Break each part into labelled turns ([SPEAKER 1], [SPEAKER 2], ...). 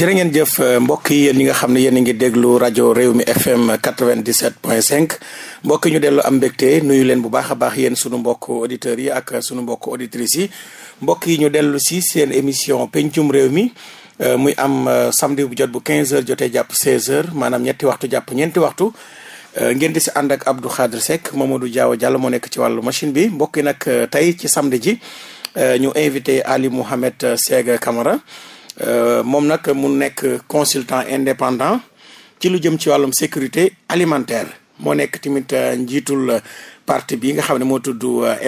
[SPEAKER 1] jërë ngeen jëf euh, mbokk yi yéen nga xam ne yéen a ngi déglu rajo réew mi FM 97.5 mbokk yi ñu dellu am mbégte nuyu leen bu baax a baax yéen sunu mbokk auditeurs yi ak sunu mbokku auditrices yi mbokk yi ñu dellu si seen émission pencum réew mi euh, muy am euh, samedi bu jot bu 15 heures jotee jàpp 16 heures maanaam ñetti waxtu jàpp ñeenti waxtu ngeen di si ànd ak Abdou Khadre du Mamadou Diaw Diallo moo nekk ci wàllu machine bi mbokk yi nag tey ci samedi ji ñu invité Ali Mouhamed Sega kamara Euh, moom nag mun nekk consultant indépendant ci lu jëm ci wàllum sécurité alimentaire moo nekk tamit euh, njiitul euh, parti bii nga xam ne moo tudd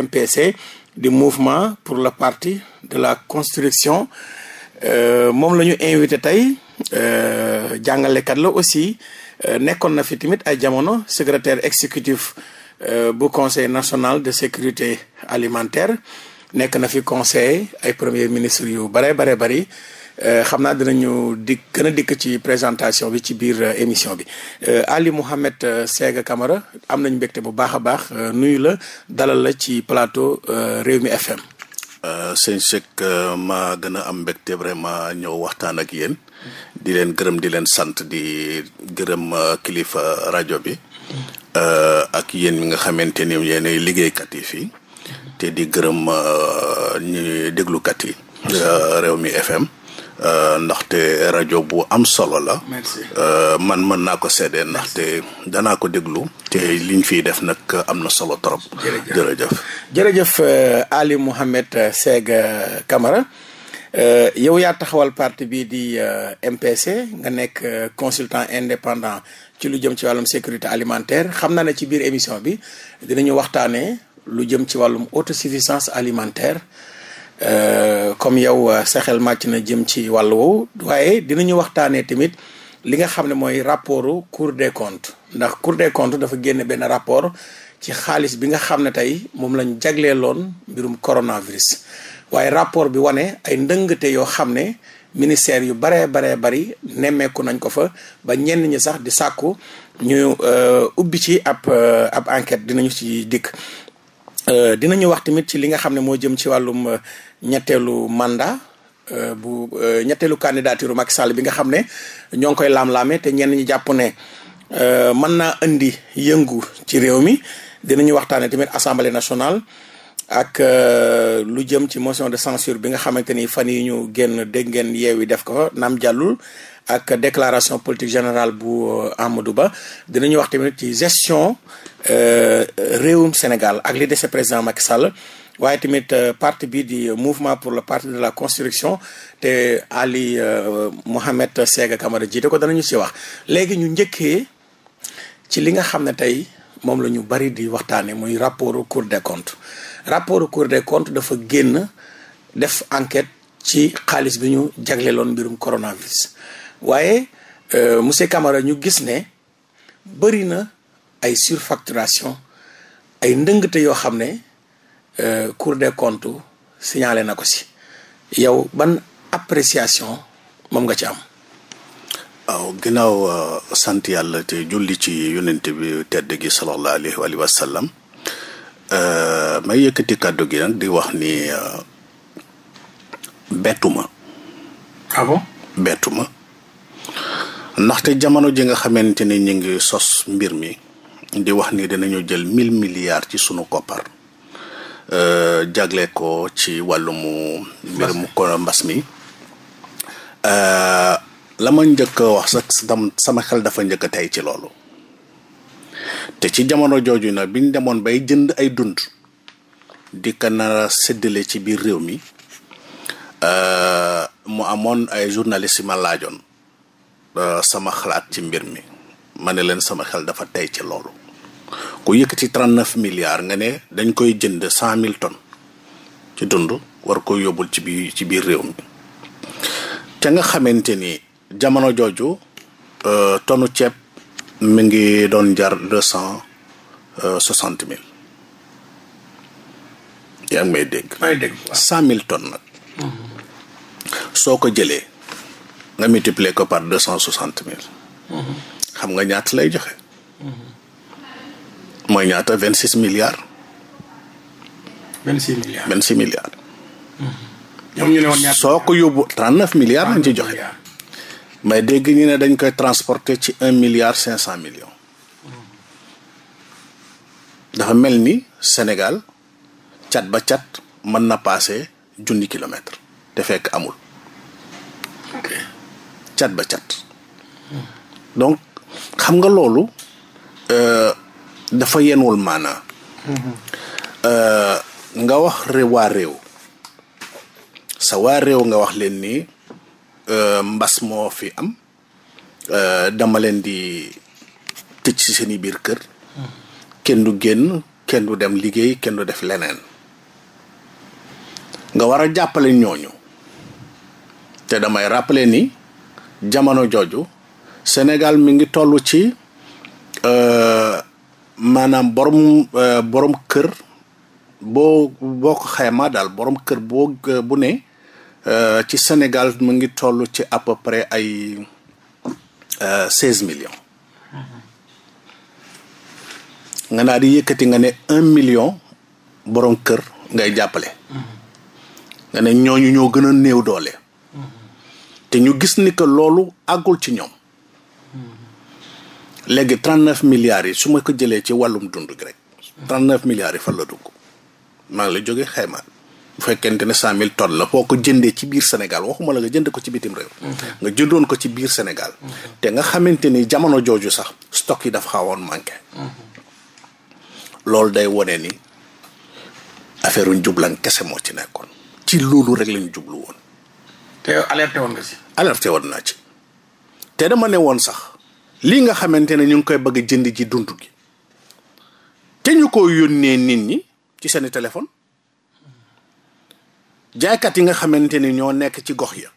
[SPEAKER 1] MPC di mouvement pour le parti de la construction moom la ñu invité tey jàngalekat la aussi nekkoon na fi tamit ay jamono secrétaire exécutif bu conseil national de sécurité alimentaire nekk na fi conseil ay premier ministre yu bare bare bari Euh, xam naa dinañu di gën a dikk ci présentation bi ci biir euh, émission bi euh, Ali Mouhamed Sega kamara am nañ mbégte bu baax a baax nuyu la dalal la ci réew mi FM.
[SPEAKER 2] sëñ Cheikh ma gën a am mbégte vraiment ñëw waxtaan ak yéen di leen gërëm di leen sant di gërëm kilifa rajo bi ak yéen mi nga xamante ni yéenay liggéeykat yi fii te di gërëm ñi déglukat yi. mi FM. Euh, ndaxte rajo bu am solo la. Euh, man mën naa ko seddee ndaxte danaa ko déglu. te liñ fi def nag am na solo trop. jërëjëf
[SPEAKER 1] jërëjëf euh, Ali Mohamed Sega Camara yow yaa taxawal parti bii di MPC nga nekk consultant indépendant ci lu jëm ci wàllum sécurité alimentaire xam naa ne ci biir émission bi dinañu waxtaanee lu jëm ci wàllum autosuffisance alimentaire. Euh, comme yow euh, sa xel màcc na jëm ci wàll woowu waaye dinañu waxtaanee tamit li nga xam ne mooy rapportu Cour des comptes ndax Cour des comptes dafa génne benn rapport ci xaalis bi nga xam ne tey moom lañ loon mbirum coronavirus waaye rapport bi wane ay ndëngate yoo xam ne ministère yu baree baree bari nemmeeku nañ ko fa ba ñenn ñi sax di sàkku ñu euh, ubbi ci ab ab enquête dinañu ci dikk dinañu wax tamit ci li nga xam ne moo jëm ci wàllum ñetteelu mandat euh, bu euh, ñetteelu candidature Macky bi nga xam ne ñoo ngi koy laam-laame te ñenn ñi jàpp ne euh, man naa indi yëngu ci réew mi dinañu waxtaane tamit assemblée nationale ak lu jëm ci motion de censure bi nga xamante ni fan yi ñu génn dégg ngeen yeewi def ko nam jàllul ak déclaration politique général bu Amadou Ba dinañu wax tamit ci gestion réewum Sénégal ak li dese président Macky waaye tamit euh, parti bi di mouvement pour le parti de la construction te Ali euh, Mohamed Sega Camara jiite ko danañu si wax léegi ñu njëkkee ci li nga xam ne tey moom la ñu bari di waxtaane muy rapport cour des comptes rapport cour des comptes dafa génn def enquête ci xaalis bi ñu jagleeloon mbirum coronavirus waaye euh, monsieur Camara ñu gis ne bëri na ay surfacturation ay ndëngte yoo xam ne Euh, cour des comptes
[SPEAKER 2] signalé na ko si yow ban appréciation moom nga ci am waaw ginnaaw euh, sant yàlla te julli ci yonent bi tedd gi sallallahu alayhi wa sallam euh, may yëkkati kàddu gi nag di wax ni bettuma ah bon bettuma ndaxte jamono ji nga xamante ni ñu ngi sos mbir mi di wax ni dinañu jël mille milliards ci sunu koppar Euh, jagle ko ci wàllum mbirum ko mbas mi euh, la ma njëkk a wax sax sama xel dafa njëkk tey ci loolu te ci jamono jooju na biñ demoon bay jënd ay dund di ko nar a ci biir réew mi euh, mu amoon ay journalistes yi ma laajoon sama xalaat ci mbir mi ma ne leen sama xel dafa tey ci loolu ku yëkk ci neuf milliards nga ne dañ koy jënd cent mille tonnes ci dund war ko yóbbul ci biir ci biir réew mi ca nga xamante ni jamono jooju euh, tonu ceeb mu ngi doon jar deux cent euh, soixante mille yaa ngi may dégg cent mille tonnes nag mm-hmm. soo ko jëlee nga multiplier ko par deux cent soixante
[SPEAKER 3] mm-hmm.
[SPEAKER 2] xam nga ñaat lay joxe mm-hmm. mooy ñaata vingt six milliards. vingt six milliards vingt six milliards.
[SPEAKER 3] Mm-hmm.
[SPEAKER 2] ñoom ñu ne soo ko yóbbu trente neuf milliards lañ ci joxe. mais dégg ñu ne dañ koy transporter ci un milliard cinq cent millions. Mm-hmm. dafa mel ni Sénégal cat ba cat mën na passé junni kilomètre te fekk amul. ok ba cat.
[SPEAKER 3] Mm-hmm.
[SPEAKER 2] donc xam nga loolu. Euh, dafa yenwul maanaa euh, nga wax waa réew sa waa réew nga wax leen ni euh, mbas moo fi am euh, dama leen di tëj ci seeni biir kër kenn du génn kenn du dem liggéey kenn du def leneen nga war a jàppale ñooñu te damay rappeler ni jamono jooju Sénégal mi ngi toll ci maanaam borom euh, borom kër boo boo ko xaymaa daal borom kër boo euh, bu ne euh, ci Sénégal mu ngi toll ci à peu près ay seize millions. Mm-hmm. nga naa di yëkkati nga ne un million borom kër ngay jàppale. Mm-hmm. nga ne ñooñu ñoo gën a néew doole. Mm-hmm. te ñu gis ni que loolu àggul ci ñoom. léegi trente neuf milliards yi su ma ko jëlee ci wàllum dund gi rek. trente neuf milliards yi fan la dugg. maa ngi la jóge xayma. bu fekkente ne cent mille la boo ko jëndee ci biir Sénégal waxuma la nga jënd ko ci bitim réew. nga jëndoon ko ci biir Sénégal. te nga xamante ni jamono jooju sax stock yi dafa xawoon manqué. loolu day wone ni affaire yu jublan kese moo ci nekkoon. ci loolu rek lañu jublu woon. te alerté woon nga si. alerté woon naa ci. te dama ne woon sax. lii nga xamante ne ñu ngi koy bëgg a jënd ji dunt gi te ñu ko yónnee nit ñi ci seeni téléphone jaaykat yi nga xamante ni ñoo nekk ci gox ya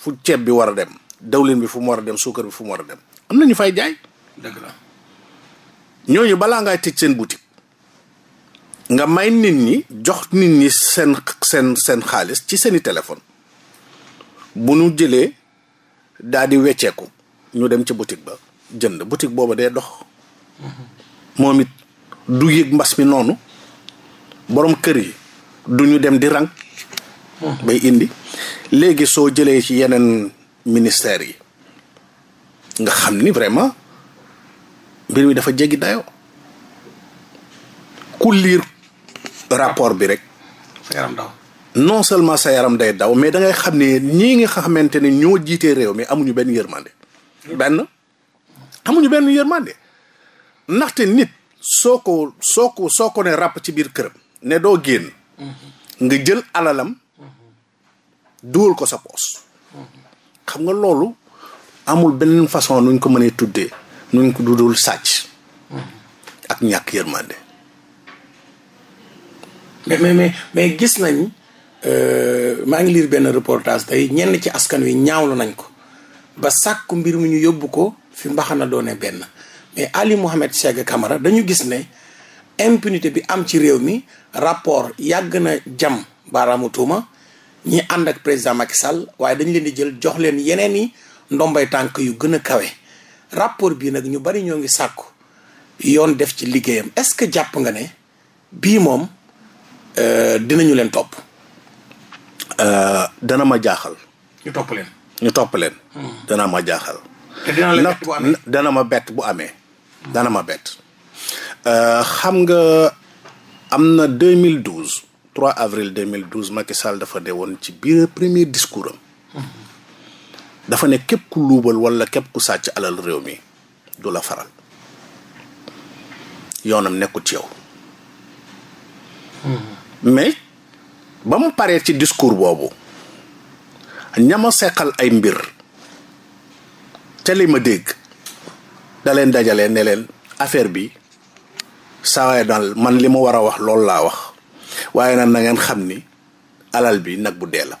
[SPEAKER 2] fu ceeb bi war a dem dawlin bi fu mu war a dem suukar bi fu mu war a dem am na ñu fay jaay. ñooñu balaa ngay tëj seen boutique nga may nit ñi jox nit ñi seen seen seen xaalis ci seeni téléphone bu nu jëlee daal di wecceeku ñu dem ca boutique ba jënd boutique booba day dox. moom it du yëg mbas mi noonu boroom kër yi du ñu dem di rang. bay indi léegi soo jëlee ci yeneen ministère yi nga xam ni vraiment mbir mi dafa jéggi dayoo ku liir rapport bi rek. yaram daw non seulement sa yaram day daw mais dangay xam ne ñii nga xamante ne ñoo jiitee réew mi amuñu benn yërmande benn. amuñu benn yërmande ndaxte nit soo ko soo ko soo ko ne ràpp ci biir këram ne doo génn nga jël alalam duwul ko sa poos xam nga loolu amul benn façon nuñ ko mënee tuddee nuñ ko dudul sàcc ak ñàkk yërmande
[SPEAKER 1] mais mais mais mais gis nañ euh, maa ngi liir benn reportage tey ñenn ci askan wi ñaawlu nañ ko ba sàkku mbir mu ñu yóbbu ko fi mbaxana doone benn mais Ali Mohamed Sega Camara dañu gis ne impinité bi am ci réew mi rapport yàgg na jam baaraamu tuuma ñi ànd ak président Macky Sall waaye dañu leen di jël jox leen yeneen i ndombay tànk yu gën a kawe rapport bii nag ñu bari ñoo ngi sàkku yoon def ci liggéeyam est-ce que jàpp nga ne bii moom euh, dinañu leen topp.
[SPEAKER 2] Euh, dana ma jaaxal. ñu topp leen. ñu topp leen. Hmm. dana ma jaaxal. nat dana ma bett bu amee dana ma bett euh, xam nga am na 2012 3 avril 2012 Macky Sall dafa de woon ci biir premier discours am dafa ne képp ku luubal walla képp ku sàcc alal réew mi du la faral yoonam nekkul ci yow mais ba mu paree ci discours boobu ñama seqal ay mbir ca li ma dégg da leen dajale ne leen affaire bi saa daal man li ma war a wax loolu laa wax waaye nag na ngeen xam ni alal bi nag bu dee la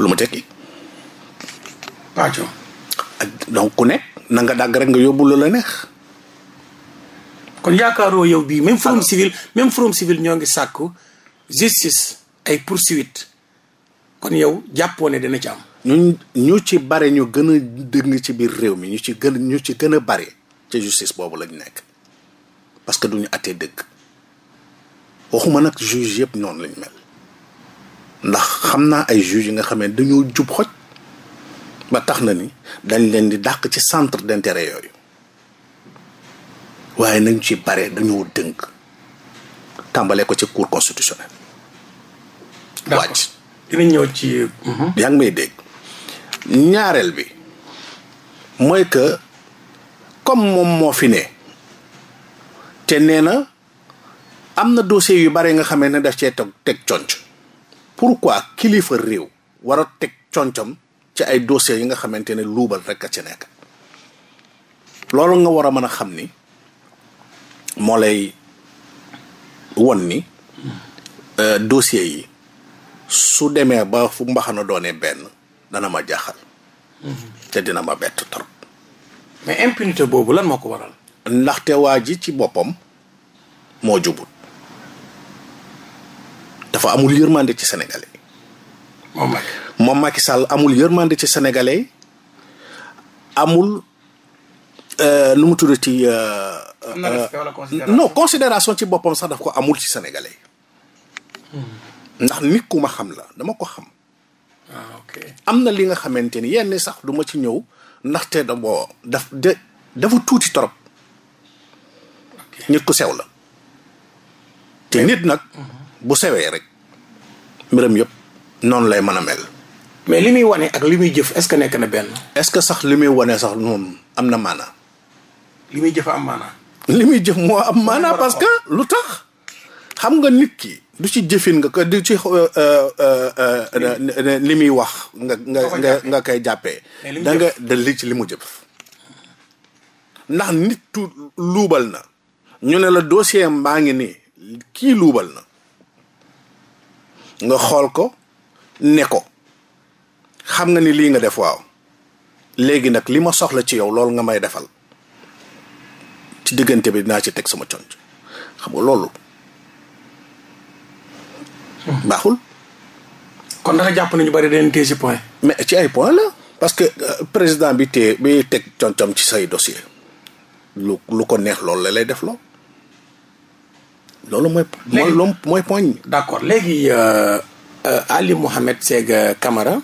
[SPEAKER 2] lu mu tekki. waaw ak donc ku ne na nga dàgg rek nga yóbbu
[SPEAKER 1] lu la neex. kon yaakaaroo yow bii même forum ah. civil même forum civil ñoo
[SPEAKER 2] ngi sàkku justice ay poursuite kon yow jàppoo ne dana ci am. ñu ñu ci bare ñu gën a dëng ci biir réew mi ñu ci gën ñu ci gën a bare ci justice boobu lañ nekk parce que duñu àttee dëgg waxuma nag juge yëpp noonu lañ mel ndax xam naa ay juge yi nga xamee dañoo jub xoj ba tax na ni dañ leen di dàq ci centre d'intérêt yi waaye nañ ci bare dañoo dëng tàmbalee ko ci cour constitutionnelle wàcc ci yaa ngi may dégg ñaareel bi mooy que comme moom moo fi ne te nee na am na dossier yu bare nga xamee ne daf cee teg teg pour pourquoi kilifa réew war a teg concam ci ay dossiers yi nga xamante ne luubal rek a ci nekk loolu nga war a mën a xam ni moo lay won ni euh, dossiers yi su demee ba fu mbaxana doonee benn dana ma jaaxal. Mhm. te dina ma bett trop. mais impunité boobu lan moo ko waral. ndaxte waa ji ci boppam moo jubut dafa amul yërmande ci sénégalais. moom Macky Sall amul yërmande ci sénégalais amul euh, nu mu tudd ci. Euh, non considération ci boppam sax daf ko amul ci sénégalais. Hmm. ndax nit xam la dama ko xam. Ah, am na li nga xamante ni yenn sax du ma ci ñëw ndaxte da boo daf de dafa tuuti torop nit ku sew la te nit nag mhm. bu sewee rek mbiram yëpp noonu lay mën a mel mais li muy wane ak li muy jëf est-ce que nekk na benn est-ce que sax li muy wane sax noonu am na maanaa li muy jëf am jëf moo am maanaa parce que lu tax xam nga nit ki du ci jëfin nga ko du ci euh, euh, euh, li muy wax nga nga nga nga koy jàppee da nga da li ci li mu jëf ndax nit tu luubal na ñu ne la dossier maa ngi nii kii luubal na nga xool ko ne ko xam nga ni lii nga def waaw léegi nag li ma soxla ci yow loolu nga may defal ci diggante bi dinaa ci teg sama conc xam nga loolu baaxul. kon da jàpp nañu ñu bari dañ téye ci point. mais ci ay point la parce que euh, président bi téye bi teg concom ci say dossier lu lu ko neex loolu la lay def loo loolu mooy. léegi mooy mooy point yi.
[SPEAKER 1] d'accord léegi euh, euh, Ali Mohamed Sega Camara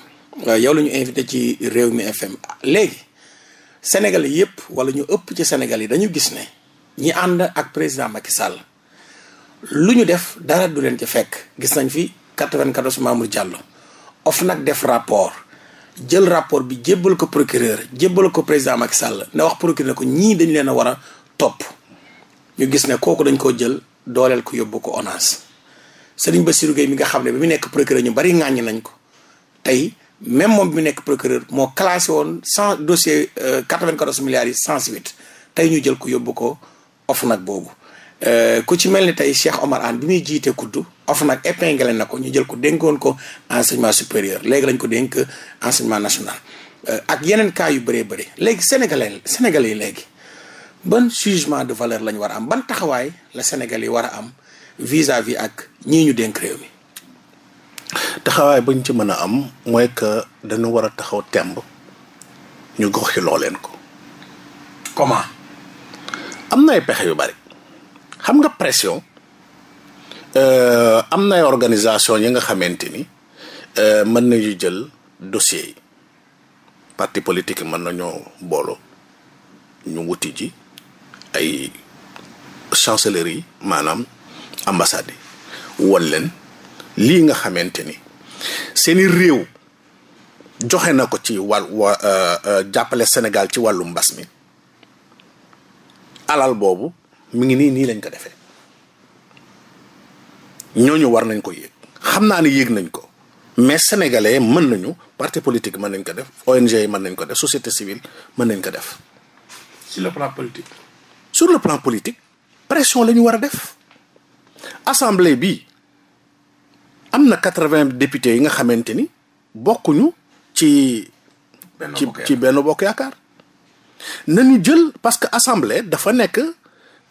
[SPEAKER 1] yow lañu invité ci réew mi FM léegi Sénégal yëpp wala ñu ëpp ci Sénégal yi dañu gis ne ñi ànd ak président Macky Sall. lu ñu def dara du leen ci fekk gis nañ fi 94 Mamour Diallo OFNAC def rapport jël rapport bi jébbal ko procureur jébbal ko président Macky Sall nda wax procureur ko ñii dañu leen a war a topp ñu gis ne kooku dañ koo jël dooleel ko yóbbu ko ONAS Serigne Bassirou Gueye mi nga xam ne bi mu nekk procureur ñu bari ŋàññi nañ ko tey même moom bi mu nekk procureur moo classé woon cent dossier 94 euh, milliards yi 108 tey ñu jël ko yóbbu ko OFNAC boobu Euh, ku ci mel ni tey Cheikh Omar Anne bi muy jiite kuddu OFNAC épinglé na ko ñu jël ko dénkoon ko enseignement supérieur léegi lañ ko dénk enseignement national euh, ak yeneen kaa yu bëree bëri léegi sénégalais sénégalais yi léegi ban jugement de valeur la ñu war a am ban taxawaay la sénégalais yi war a am vis-à-vis
[SPEAKER 2] ak ñii ñu dénk réew mi. taxawaay bu ñu ci mën a am mooy que dañu war a taxaw temb ñu gox ci loo ko. comment. am na ay pexe yu bari. xam nga pression euh, am na organisation yi nga xamante ni euh, mën nañu jël dossier yi parti politique mën nañoo booloo ñu wuti ji ay chancellerie yi maanaam ambassade yi leen lii nga xamante ni seeni réew joxe na ko ci wàll wa euh, jàppale Sénégal ci wàllu mbas mi alal boobu mi ngi nii nii lañ ko defee ñoo ñooñu war nañ ko yéeg xam naa ne yéeg nañ ko mais sénégalais mën nañu parti politique mën nañ ko def ONG yi mën nañ ko def société civile mën nañ ko def. sur le plan politique. sur politique pression la ñu war a def assemblée bi am na quatre-vingts députés yi nga xamante ni bokkuñu ci. ci ci benn bokk yaakaar nañu jël parce que assemblée dafa nekk.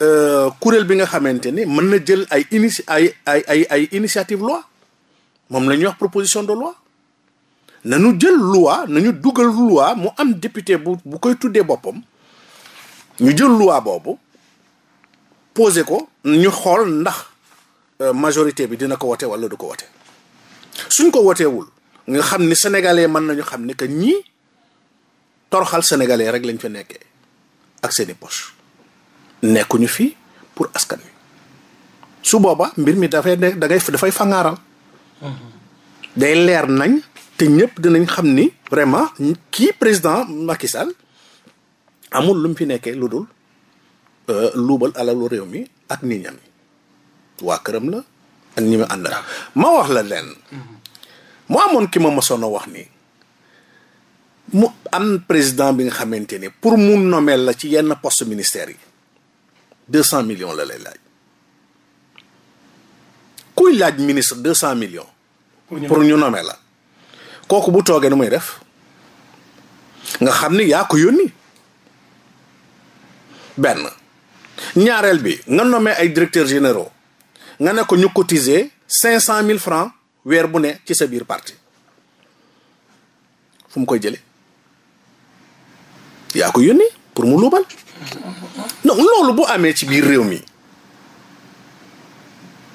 [SPEAKER 2] Euh, kuréel bi nga xamante ne mën na jël ay inici ay ay ay ay initiative loi moom la ñuy wax proposition de loi nañu jël loi nañu dugal loi mu am député bu bu koy tuddee boppam ñu jël loi boobu posé ko ñu xool ndax euh, majorité bi dina ko wote wala du ko wote suñ ko woteewul nga xam ni sénégalais mën nañu xam ni que ñii torxal sénégalais rek lañ fa nekkee ak seeni poche nekkuñu fi pour askan wi su booba mbir mi dafay ne da ngay dafay fangaaral. Mhm. day leer nañ. te ñëpp dinañ xam ni vraiment kii président Macky Sall amul lu mu fi nekkee lu dul euh, luubal alalu réew mi ak nit ñam yi waa këram la ak ñi ma ànd ma wax la leen mhm. mu amoon ki ma mosoon a wax ni mu am président bi nga xamante ni pour mu nommer la ci yenn poste ministère yi deux cent millions la lay laaj kuy laaj ministre deux cent millions. pour ñu nomee la kooku bu toogee nu muy def nga xam ni yaa ko yónni benn ñaareel bi nga nommé ay directeurs générau nga ne ko ñu cotiser cinq cent mille francs weer bu ne ci sa biir parti fu mu koy jële yaa ko yónni pour mu luubal non loolu bu amee ci biir réew mi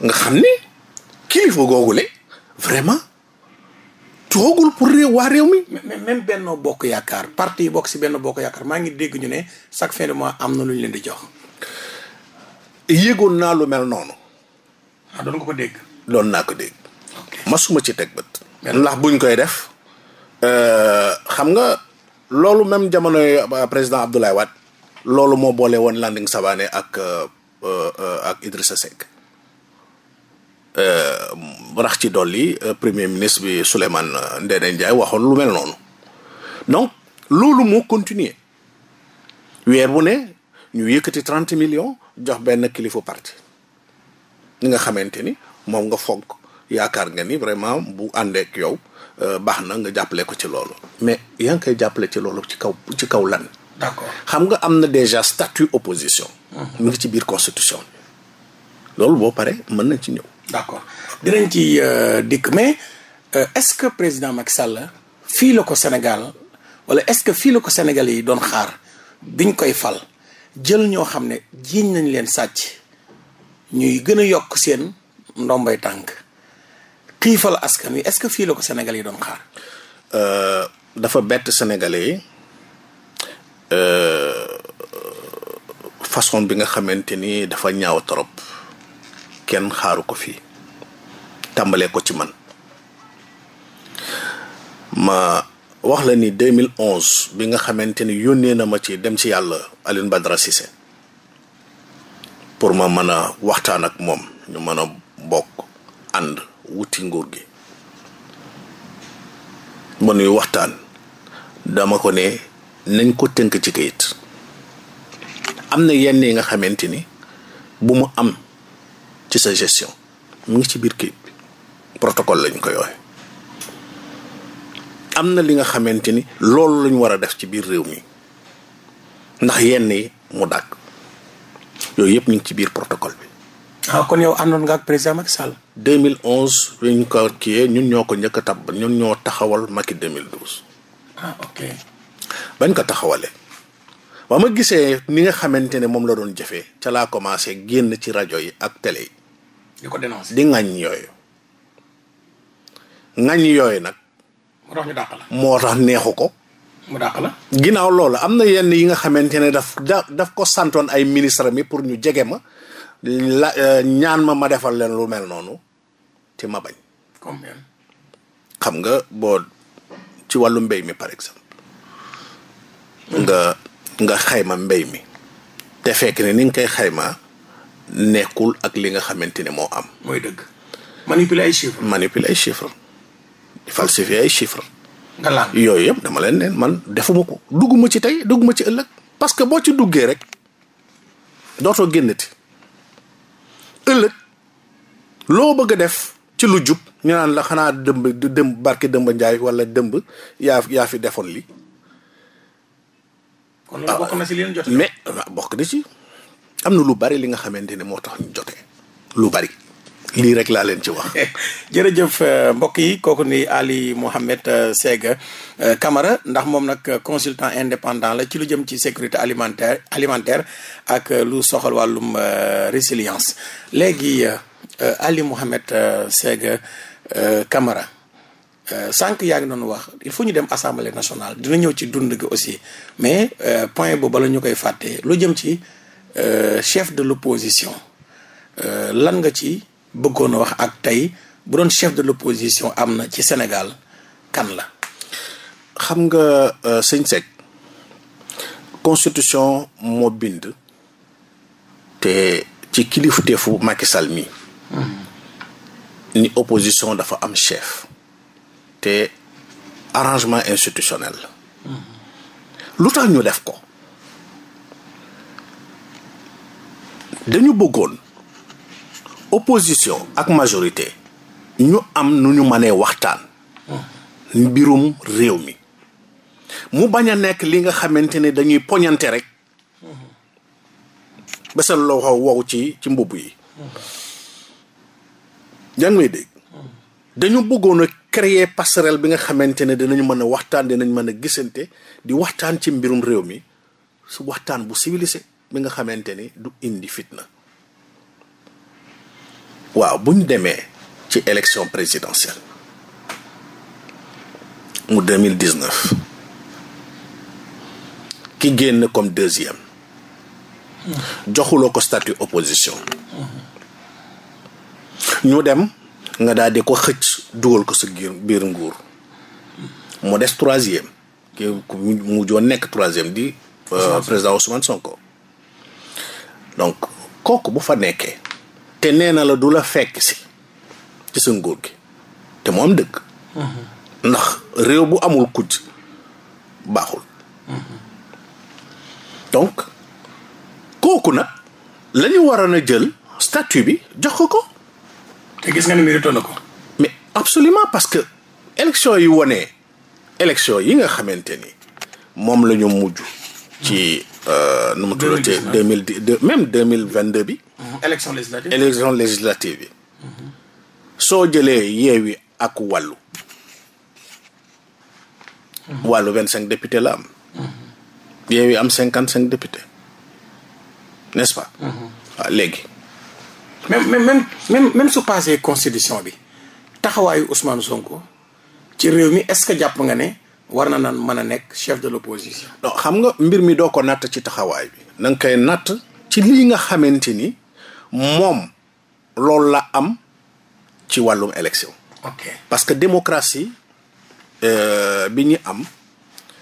[SPEAKER 2] nga xam ne kilifa googule vraiment toogul pour réew waa réew
[SPEAKER 1] mi. mais Benno Bokk Yaakaar partie yi bokk ci Benno Bokk Yaakaar maa ngi dégg ñu ne chaque fin de mois am na
[SPEAKER 2] lu ñu leen di jox. yéegoon naa lu mel noonu. ah doon nga ko dégg. doon naa ko dégg. masuma ci teg bët. ndax buñ koy def euh, xam nga loolu même jamono euh, président Abdoulaye Wade loolu moo boole woon Landing Savané ak euh, euh, ak Idrissa Seck euh, rax ci dolli premier ministre bi Souleymane Ndéné Ndiaye waxoon lu mel noonu donc loolu moo continuer weer bu ne ñu yëkkati trente millions jox benn kilifa parti ñi nga xamante ni moom nga foog yaakaar nga ni vraiment bu àndeek yow baax na nga jàppale ko ci loolu mais yaa ngi koy jàppale ci loolu ci kaw ci kaw lan d'accord xam nga am na déjà statut opposition. mu mhm. ngi ci biir constitution loolu boo paree mën nañ ci ñëw.
[SPEAKER 1] d'accord dinañ ci euh, dikk mais euh, est-ce que président Macky Sall fii la ko Sénégal wala est-ce que fii la ko Sénégal yi doon xaar biñ koy fal jël ñoo xam ne jiiñ nañ leen sàcc ñuy gën a yokk seen ndombay tànk xiifal askan wi est-ce que fii la ko Sénégal yi doon xaar. Euh,
[SPEAKER 2] dafa bett Sénégalais yi. Euh, façon bi nga xamante ni dafa ñaaw trop kenn xaaru ko fii tàmbalee ko ci man ma wax la ni 2011 bi nga xamante ni yónnee na ma ci dem ci yàlla alin Alioune Badara Cissé pour ma mën a waxtaan ak moom ñu mën a bokk ànd wuti nguur gi ma nuy waxtaan dama ko ne nañ ko tënk ci kayit am na yenn yi nga xamante ni bu mu am ci sa gestion mu ngi ci biir kayit bi protocole lañ koy woowe am na li nga xamante ni loolu lañ war a def ci biir réew mi ndax yenn yi mu dàkk yooyu yëpp ñu ngi ci biir protocole bi. waaw ah, kon yow àndoon nga ak président Macky Sall. 2011 bi ñu ko kiiyee ñun ñoo ko njëkk a tab ñun ñoo taxawal Macky 2012. mille ah, ok. bañ ko taxawale ba ma gisee ni nga xamante ne moom la doon jëfee ca laa commencé génn ci rajo yi ak télé yi. di ko dénoncé di ŋañ yooyu. ŋañ yooyu nag. moo tax ñu moo tax neexu ko. mu dàq la. ginnaaw loolu am na yenn yi nga xamante ne daf daf ko santoon ay ministre mi pour ñu jege ma. la euh, ñaan ma ma defal leen lu mel noonu ci ma bañ. xam nga boo ci wàllu mbéy mi par exemple. nga nga xayma mbéy mi te fekk ne ni nga koy xaymaa nekkul ak li nga xamante ne moo am. mooy dëgg manipule ay chiffres. manipuler ay chiffres falsifier ay chiffres. yooyu yëpp dama leen neen man defuma ko dugguma ci tey dugguma ci ëllëg. parce que boo ci duggee rek dootoo génnati ëllëg loo bëgg def ci lu jub ñu naan la xanaa dëmb dëmb barke dëmb njaay wala dëmb yaa yaa fi defoon li kon loolu bokk na mais euh, bokk na ci am na lu bari li nga xamante ne moo tax ñu lu bari lii rek
[SPEAKER 1] laa leen ci wax. jërëjëf euh, mbokk yi kooku ni Ali Mohamed euh, Sega Camara ndax moom nag consultant indépendant la ci lu jëm ci sécurité alimentaire alimentaire ak lu soxal wàllum résilience léegi Ali Mohamed Sega Camara. Euh, sànq yaa ngi doon wax il faut ñu dem assemblée nationale dina ñëw ci dund gi aussi mais euh, point bu bala ñu koy fàtte lu jëm ci euh, chef de l'opposition lan nga ci bëggoon wax ak tey bu doon chef de l'opposition am na ci Sénégal kan la.
[SPEAKER 2] xam nga sëñ Seck constitution moo bind te ci kilifteefu Macky Sall mi. Hmm. ni opposition dafa am chef. te arrangement institutionnel la lu tax ñu def ko dañu bëggoon opposition ak majorité ñu am nu ñu manee waxtaan mbirum réew mi mu bañ a nekk li nga xamante ne dañuy poñante rek ba loxo wow ci ci mbubb yi yaa may dégg dañu bëggoon a créer passerelle bi nga xamante ne dinañ mën a waxtaan dinañ mën a gisante di waxtaan ci mbirum réew mi su waxtaan bu civilisé bi nga xamante ni du indi fitna waaw buñ demee ci élection présidentielle mu 2019 ki génn comme deuxième joxuloo ko statut opposition ñu dem nga daal di ko xëcc dugal ko sa biir nguur mu des troisième ki mu joon nekk troisième di euh, président Ousmane Sonko donc kooku bu fa nekkee te nee na la du la fekk si ci sa nguur gi te mu am dëgg mhm. ndax réew bu amul kujj baaxul mhm. donc kooku nag la ñu jël statut bi jox ko ko te gis nga ni mérito na ko. mais absolument parce que élection yi wone élection yi nga xamante ni moom la ñu mujj. ci euh, nu mu tuddati deux mille dix même deux mille vingt deux bi. Mhm. élection législative élection législative bi. Mhm. soo jëlee yeewi ak wallu mhm. wàllu vingt cinq député la am. yeewi am cinquante cinq député n'est-ce pas. waaw ah, léegi. même même même même su passé
[SPEAKER 1] constitution bi taxawaayu Ousmane Sonko ci réew mi est-ce que jàpp nga ne war
[SPEAKER 2] na naan mën a nekk chef de l'opposition. non xam nga mbir mi doo ko natt ci taxawaay bi. na nga koy natt ci lii nga xamante ni moom loolu la am ci wàllum élection. ok parce que démocratie euh, bi ñu am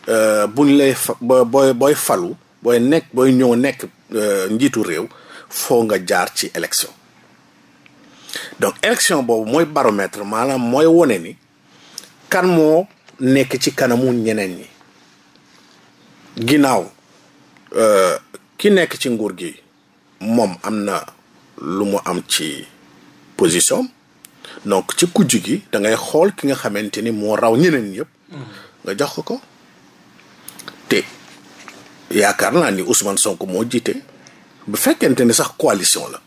[SPEAKER 2] euh, buñ lay fa booy booy falu booy nekk booy ñëw nekk euh, njiitu réew foo nga jaar ci élection. donc élection boobu mooy baromètre maanaam mooy wone ni kan moo nekk ci kanamu ñeneen ñi ginnaaw euh, ki nekk ci nguur gi moom am na lu mu am ci position donc ci kujj gi dangay xool ki nga xamante ni moo raw ñeneen yëpp nga jox ko ko te yaakaar naa ni Ousmane sonk moo jiite bu fekkente ni sax coalition la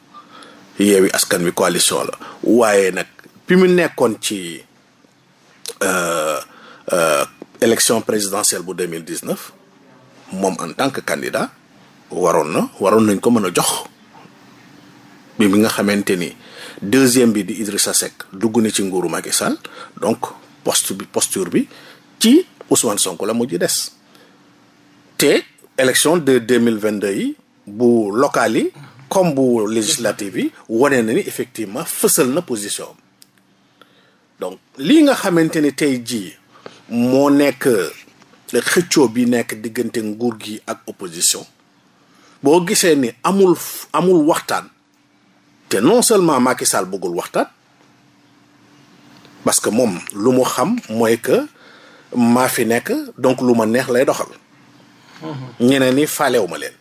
[SPEAKER 2] yeewi askan wi coalition la waaye nag bi mu nekkoon ci euh, euh, élection présidentielle bu deux mille dix neuf moom en tant que candidat waroon na waroon nañ ko mën a jox bi mi nga xamante ni deuxième bi di Idrissa Seck dugg na ci nguuru Macky donc poste bi posture bi ci Ousmane sonk la mujj des te élection de deux mille vingt deux yi bu local yi. comme bu législative yi wane na ni effectivement fësal na position donc lii nga xamante ni tey jii moo nekk xëcco bi nekk diggante nguur gi ak opposition boo gisee ni amul amul waxtaan te non seulement Macky bëggul waxtaan parce que moom lu mu xam mooy que maa fi nekk donc lu ma neex lay doxal mhm. ñeneen ni faalewu ma leen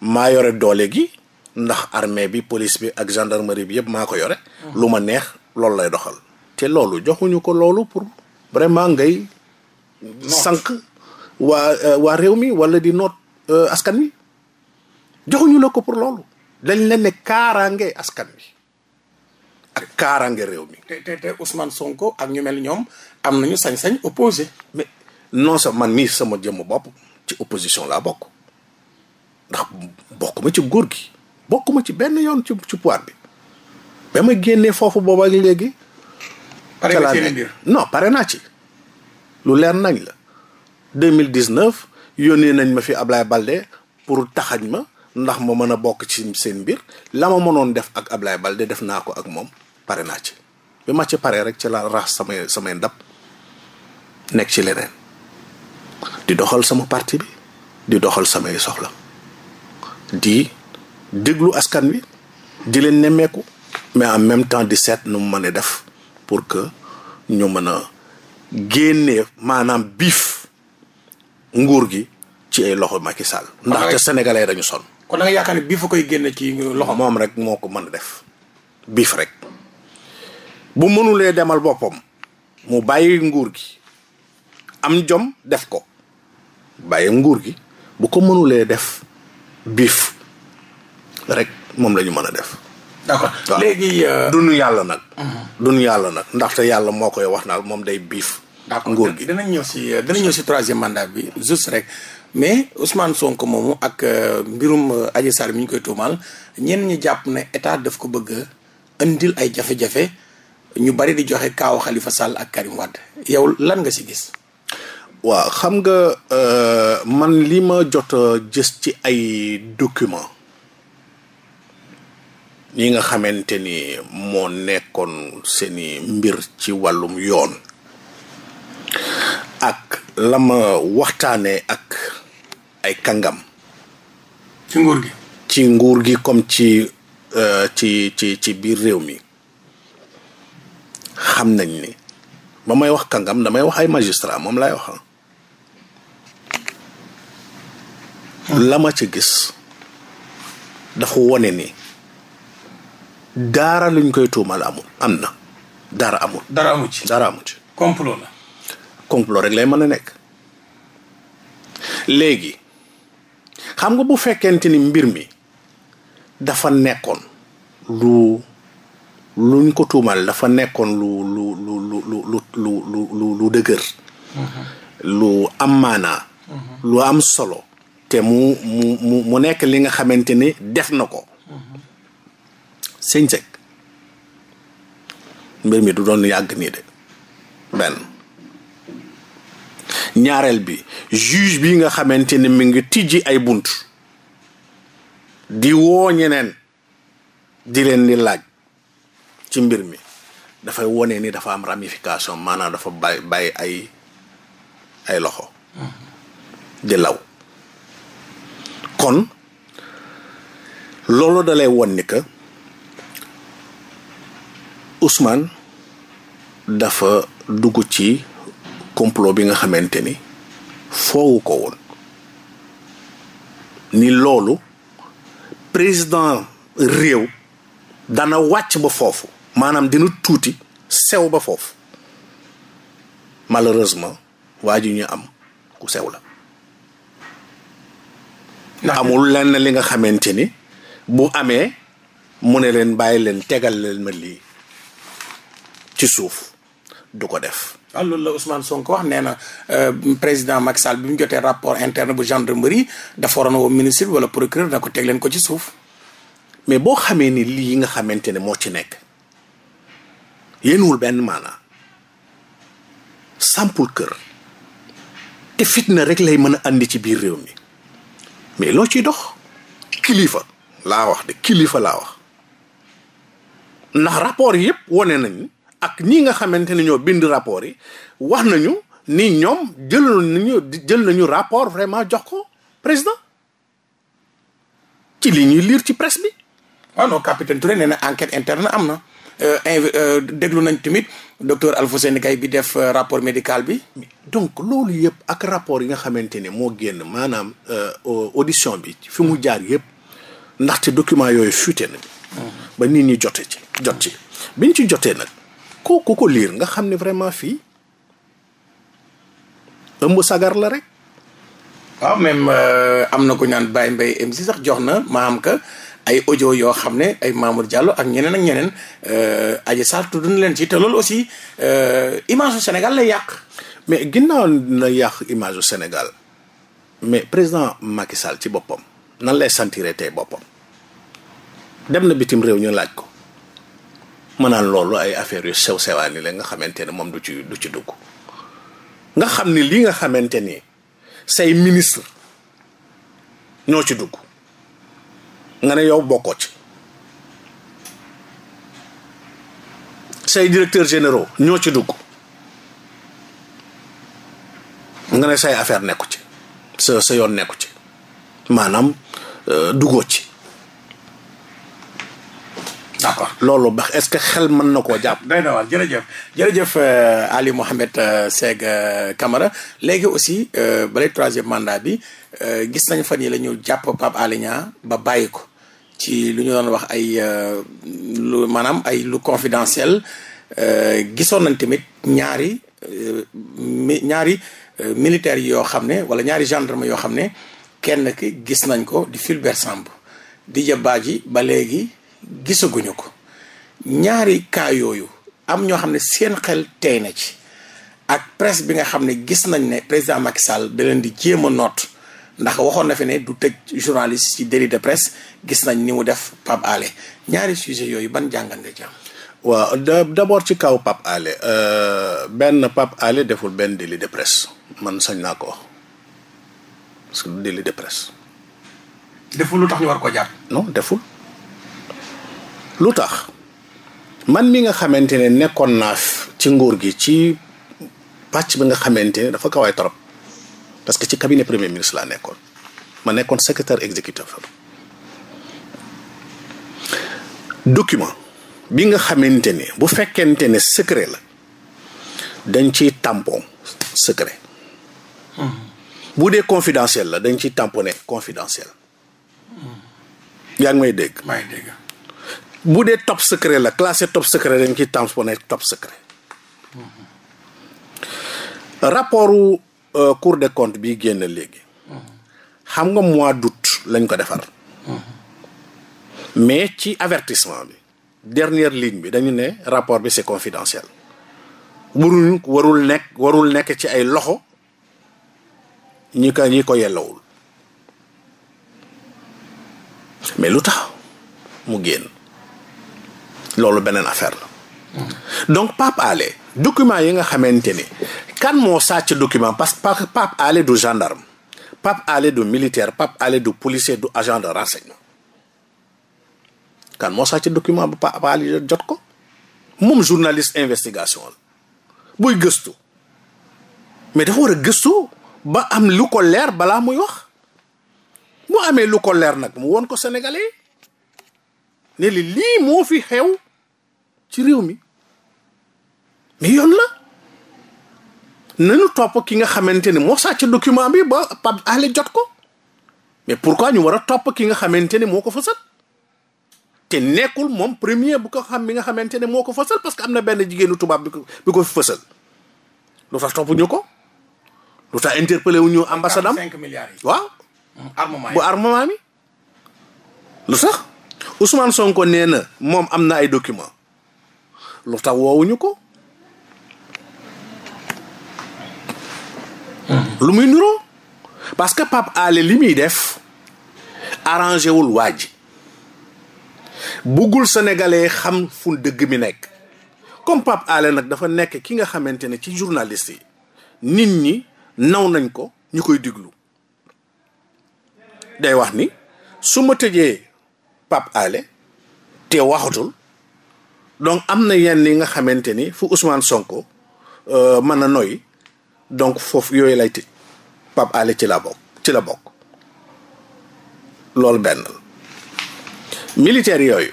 [SPEAKER 2] maa yore doole gi ndax armée bi police bi ak gendarmerie bi yëpp maa ko yore. lu ma neex loolu lay doxal. te loolu joxuñu ko loolu pour vraiment ngay. sànq waa euh, waa réew mi wala di noot euh, askan wi joxuñu la ko pour loolu. dañ leen ne kaaraange askan wi ak kaaraange réew mi. te te Sonko ak ñu mel ñoom am nañu sañ-sañ opposé. mais non sa man mii sama jëmm bopp ci opposition laa bokk ndax bokk ma ci góor gi. bokkuma ci benn yoon ci ci boîte bi ba ma génnee foofu booba ak léegi. pare nga ci non pare naa ci lu leer nañ la. 2019 yónnee nañ ma fi Ablaye Balde pour taxañ ma ndax ma mën a bokk ci seen mbir la ma mënoon def ak Ablaye Balde def naa ko ak moom pare naa ci bi ma ci paree rek ci la rax samay samay ndab nekk ci leneen di doxal sama parti bi di doxal samay soxla di. déglu askan wi di leen nemmeeku mais en même temps di seet nu mu mën a def pour que ñu mën a génnee maanaam biif nguur gi ci ay loxo Macky Sall. ndaxte sénégalais dañu sonn. kon da nga yaakaar ne biif fa koy génne ci loxo. moom rek moo ko mën a def biif rek bu mënulee demal boppam mu bàyyi nguur gi am jom def ko bàyyi nguur gi bu ko mënulee def biif. rek moom la ñu mën a def.
[SPEAKER 3] d'accord léegi. Euh, duñu yàlla nag. Mhm.
[SPEAKER 2] duñu yàlla nag ndaxte yàlla moo koy wax naal moom day biif. nguur gi dinañ ñëw si euh,
[SPEAKER 1] dinañ ñëw si troisième mandat bi juste rek. mais Ousmane Sonko moomu ak euh, mbirum Adji Sarr mi ñu koy tuumaal ñenn ñi jàpp ne état def ko bëgg a indil ay jafe-jafe ñu bari di joxe kaaw xalifa Sall ak Karim Wade yow lan nga si
[SPEAKER 2] gis. waaw xam nga man lii ma jot a ci ay documents. ñi nga xamante ni moo nekkoon seeni mbir ci wàllum yoon ak lama ma waxtaanee ak ay kàngam ci nguur gi comme ci euh, ci ci ci biir réew mi xam nañ ni ba may wax kàngam damay wax ay moom lay wax la ma ci gis dafa wone ni daara luñ koy tuumal amul am na daara amul. dara amu ci dara amu complot la. complot rek lay mën a nekk léegi xam nga bu fekkente ni mbir mi dafa nekkoon lu luñ ko tuumal dafa nekkoon lu lu lu lu lu lu lu lu dëgër. Mhm. lu am maanaa. Mhm. lu am solo. te mu mu mu nekk li nga xamante ni def na ko. sëñ Seck mbir mi du doon yàgg nii de benn ñaareel bi juge bi nga xamante ne mi ngi tijji ay bunt di woo ñeneen di leen di laaj ci mbir mi dafay wone ni dafa am ramification maanaam dafa bàyyi ay ay loxo di law kon loolu dalay won ni que Ousmane dafa dugg ci complot bi nga xamante ni foogu ko woon ni loolu président réew dana wàcc ba foofu maanaam dina tuuti sew ba foofu malheureusement waa ji ñu am ku sew la amul lenn li nga xamante ni bu amee mu ne leen bàyyi leen tegal leen ma lii ci suuf du ko def. waaw loolu la Ousmane sonk wax nee na euh,
[SPEAKER 1] président Macky Sall bi mu jotee rapport interne bu mbari dafa waroon woo ministre wala procureur na ko teg leen
[SPEAKER 2] ko ci suuf. mais boo xamee ni lii nga xamante ne moo ci nekk yéenuwul benn maanaa sampul kër te fitna rek lay mën a andi ci biir réew mi mais loo ciy dox kilifa laa wax de kilifa laa wax ndax rapport yëpp wone nañ ak ñi nga xamante ne ñoo bind rapport yi wax nañu ni ñoom jël nañu jël nañu rapport vraiment jox ko président ci li ñuy liir ci presse bi. waaw ah non capitaine Touré nee na enquête interne am na. Euh, euh,
[SPEAKER 1] déglu nañ tamit docteur Alfousseyni Gaye bi def euh, rapport médical bi.
[SPEAKER 2] donc loolu yëpp ak rapport yi nga xamante ne moo génn maanaam audition bi fi mu jaar yëpp ndaxte document yooyu fuité na. Mm-hmm. ba nit ñi jote ci jot ci biñ ci jotee nag. kooku ko liir nga xam ne vraiment fii ëmb sagar la rek. waaw même euh, am na ku ñaan Baye Mbaye MC sax jox na
[SPEAKER 1] maam ka ay ojo yoo xam ne ay Mamour Diallo ak ñeneen ak ñeneen euh, Adji Sarr
[SPEAKER 2] tudd na leen ci te loolu aussi euh, image su Sénégal lay yàq. mais ginnaaw na yàq image su Sénégal mais président Macky Sall ci boppam nan lay sentir tey boppam dem na bitim réew ñu laaj ko. ma naan loolu ay affaires yu sew sewaan la nga xamante ne moom du ci du ci dugg nga xam ni lii nga xamante ni say ministre ñoo ci dugg nga ne yow bokkoo ci say directeurs généraux ñoo ci dugg nga ne say affaire nekku ci sa sa yoon nekku ci maanaam euh, duggoo ci d'accord loolu ba est-ce que xel mën na koo
[SPEAKER 1] jàpp. day na waar jërëjëf jërëjëf euh, Ali Mohamed euh, Seeg euh, Camara léegi aussi balay troisième mandat bi gis nañ fan yi la ñu jàpp Pape Alé Niang ba bàyyi ko ci lu ñu doon wax ay lu maanaam ay lu confidentiel gisoon nañ tamit ñaari ñaari militaires yoo xam ne wala ñaari gendarme yoo xam ne kenn ki gis nañ ko di Fulbert Samb di Didier Badji ba léegi. gisaguñu ko ñaari cas yooyu am ñoo xam ne seen xel tey na ci ak presse bi nga xam ne gis nañ ne président Macky Sall da di jéem a noot ndax waxoon na fi ne du tëj journaliste ci délit de presse
[SPEAKER 2] gis nañ ni mu def Pape Alé ñaari sujet yooyu ban jàngat nga ci am waaw d'abord ci kaw Pape Alé euh, benn Pape Alé deful benn délit de presse man sañ naa ko wax parce que du de presse deful lu tax ñu war ko jàpp non deful lu tax man mi nga xamante ne nekkoon naa ci nguur gi ci pàcc bi nga xamante ne dafa kawaay trop parce que ci cabinet premier ministre laa nekkoon ma nekkoon secrétaire exécutif document bi nga xamante ne bu fekkente ne secret la dañ ciy tampon secret bu dee confidentiel la dañ ciy tamponné confidentiel yaa ngi may dégg. may dégg. bu dee top secret la classé top secret dañ ciy tamponné top secret rapportu euh, cour des comptes bi génn léegi xam nga mois d'août lañ ko defar mais ci avertissement bi dernière ligne bi dañu ne rapport bi c'est confidentiel warul warul nekk warul nekk ci ay loxo ñi ko ñi ko yellowul mais lu tax mu génn loolu beneen affaire la donc Pape Alé document yi nga xamante ni kan moo sàcc document parce que Pape Alé du gendarme Pape Alé du militaire Pape Alé du policier du agent de renseignement kan moo sàcc document ba Pape Alé jot ko moom journaliste investigation la buy gëstu mais dafa war gëstu ba am lu ko leer balaa muy wax mu amee lu ko leer nag mu won ko sénégalais ne lii moo fi xew ci réew mi mais yoon la nañu topp ki nga xamante ne moo sàcc document bi ba Pape Alé jot ko mais pourquoi ñu war a topp ki nga xamante ne moo ko fësal te nekkul moom premier bu ko xam mi nga xamante ne moo ko fësal parce que am na benn jigéenu tubaab bi ko bi ko fësal lu tax topp ñu ko lu tax interpellé wu ñu ambassade am waaw bu armement mi lu tax Ousmane Sonko nee na moom am na ay document lu tax woowuñu ko. Hmm. lu muy nuroo parce que Pape Alé li muy def arrangé wul waa ji buggul sénégalais xam fu dëgg mi nekk comme Pape nag dafa nekk ki nga xamante ne ci journaliste yi nit ñi naw nañ ko ñu koy diglu day wax ni su ma tëjee Pape te waxatul donc am na yenn yi nga xamante ni fu Ousmane Sonko euh, mën a noy donc foofu yooyu lay tëj Pape Alé ci la bokk ci la bokk loolu benn militaire yooyu.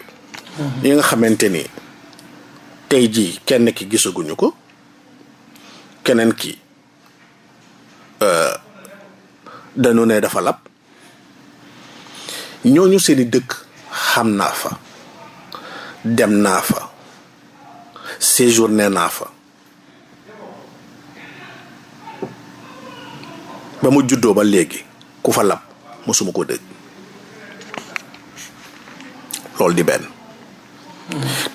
[SPEAKER 2] Mhm. yi nga xamante ni tey jii kenn ki gisaguñu ko keneen ki euh, dañu ne dafa lab ñooñu seeni dëkk xam naa fa dem naa fa. nee naa fa ba mu juddoo ba léegi ku fa lab mosuma ko dégg loolu di benn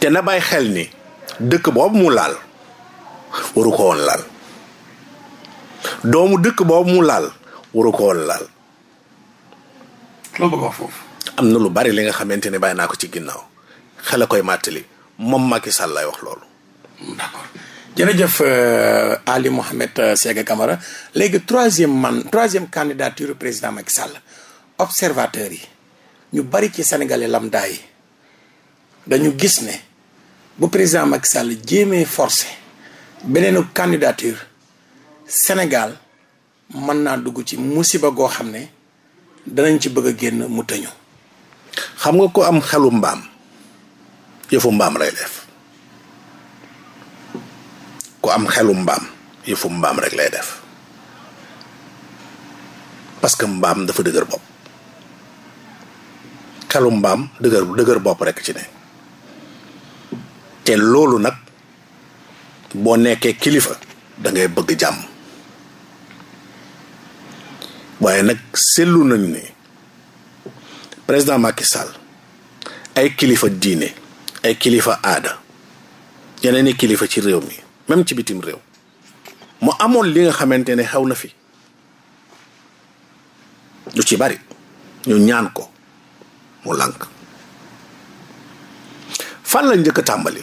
[SPEAKER 2] te na bàyyi xel ni dëkk boobu mu laal waru ko woon laal doomu dëkk boobu mu laal waru ko woon laal loolu wax am na lu bari li nga xamante ne bàyyi naa ko ci ginnaaw xel a koy màttali moom Macky Sall lay wax loolu d'accord jërëjëf euh, Ali Mohamed euh, Sega kamara léegi
[SPEAKER 1] troisième man troisième candidature président Macky Sall observateurs yi ñu bari ci sénégalais lambda yi dañu gis ne bu président Macky Sall jéemee forcé beneenu candidature Sénégal mën naa dugg ci musiba goo xam ne danañ ci bëgg a génn mu tëñu
[SPEAKER 2] xam nga ko am xelu mbaam yëfu mbaam lay def ku am xelu mbaam yëfu mbaam rek lay def parce que mbaam dafa dëgër bopp xelu mbaam dëgër dëgër bopp rekk ci ne te loolu nag boo nekkee kilifa dangay bëgg jàmm waaye nag seetlu nañu ne président Macky Sall ay kilifa diine ay kilifa aada yeneen i kilifa ci réew mi même ci bitim réew mu amoon li nga xamante ne xew na fi lu ci bari ñu ñaan ko mu lànk fan la njëkk a tàmbali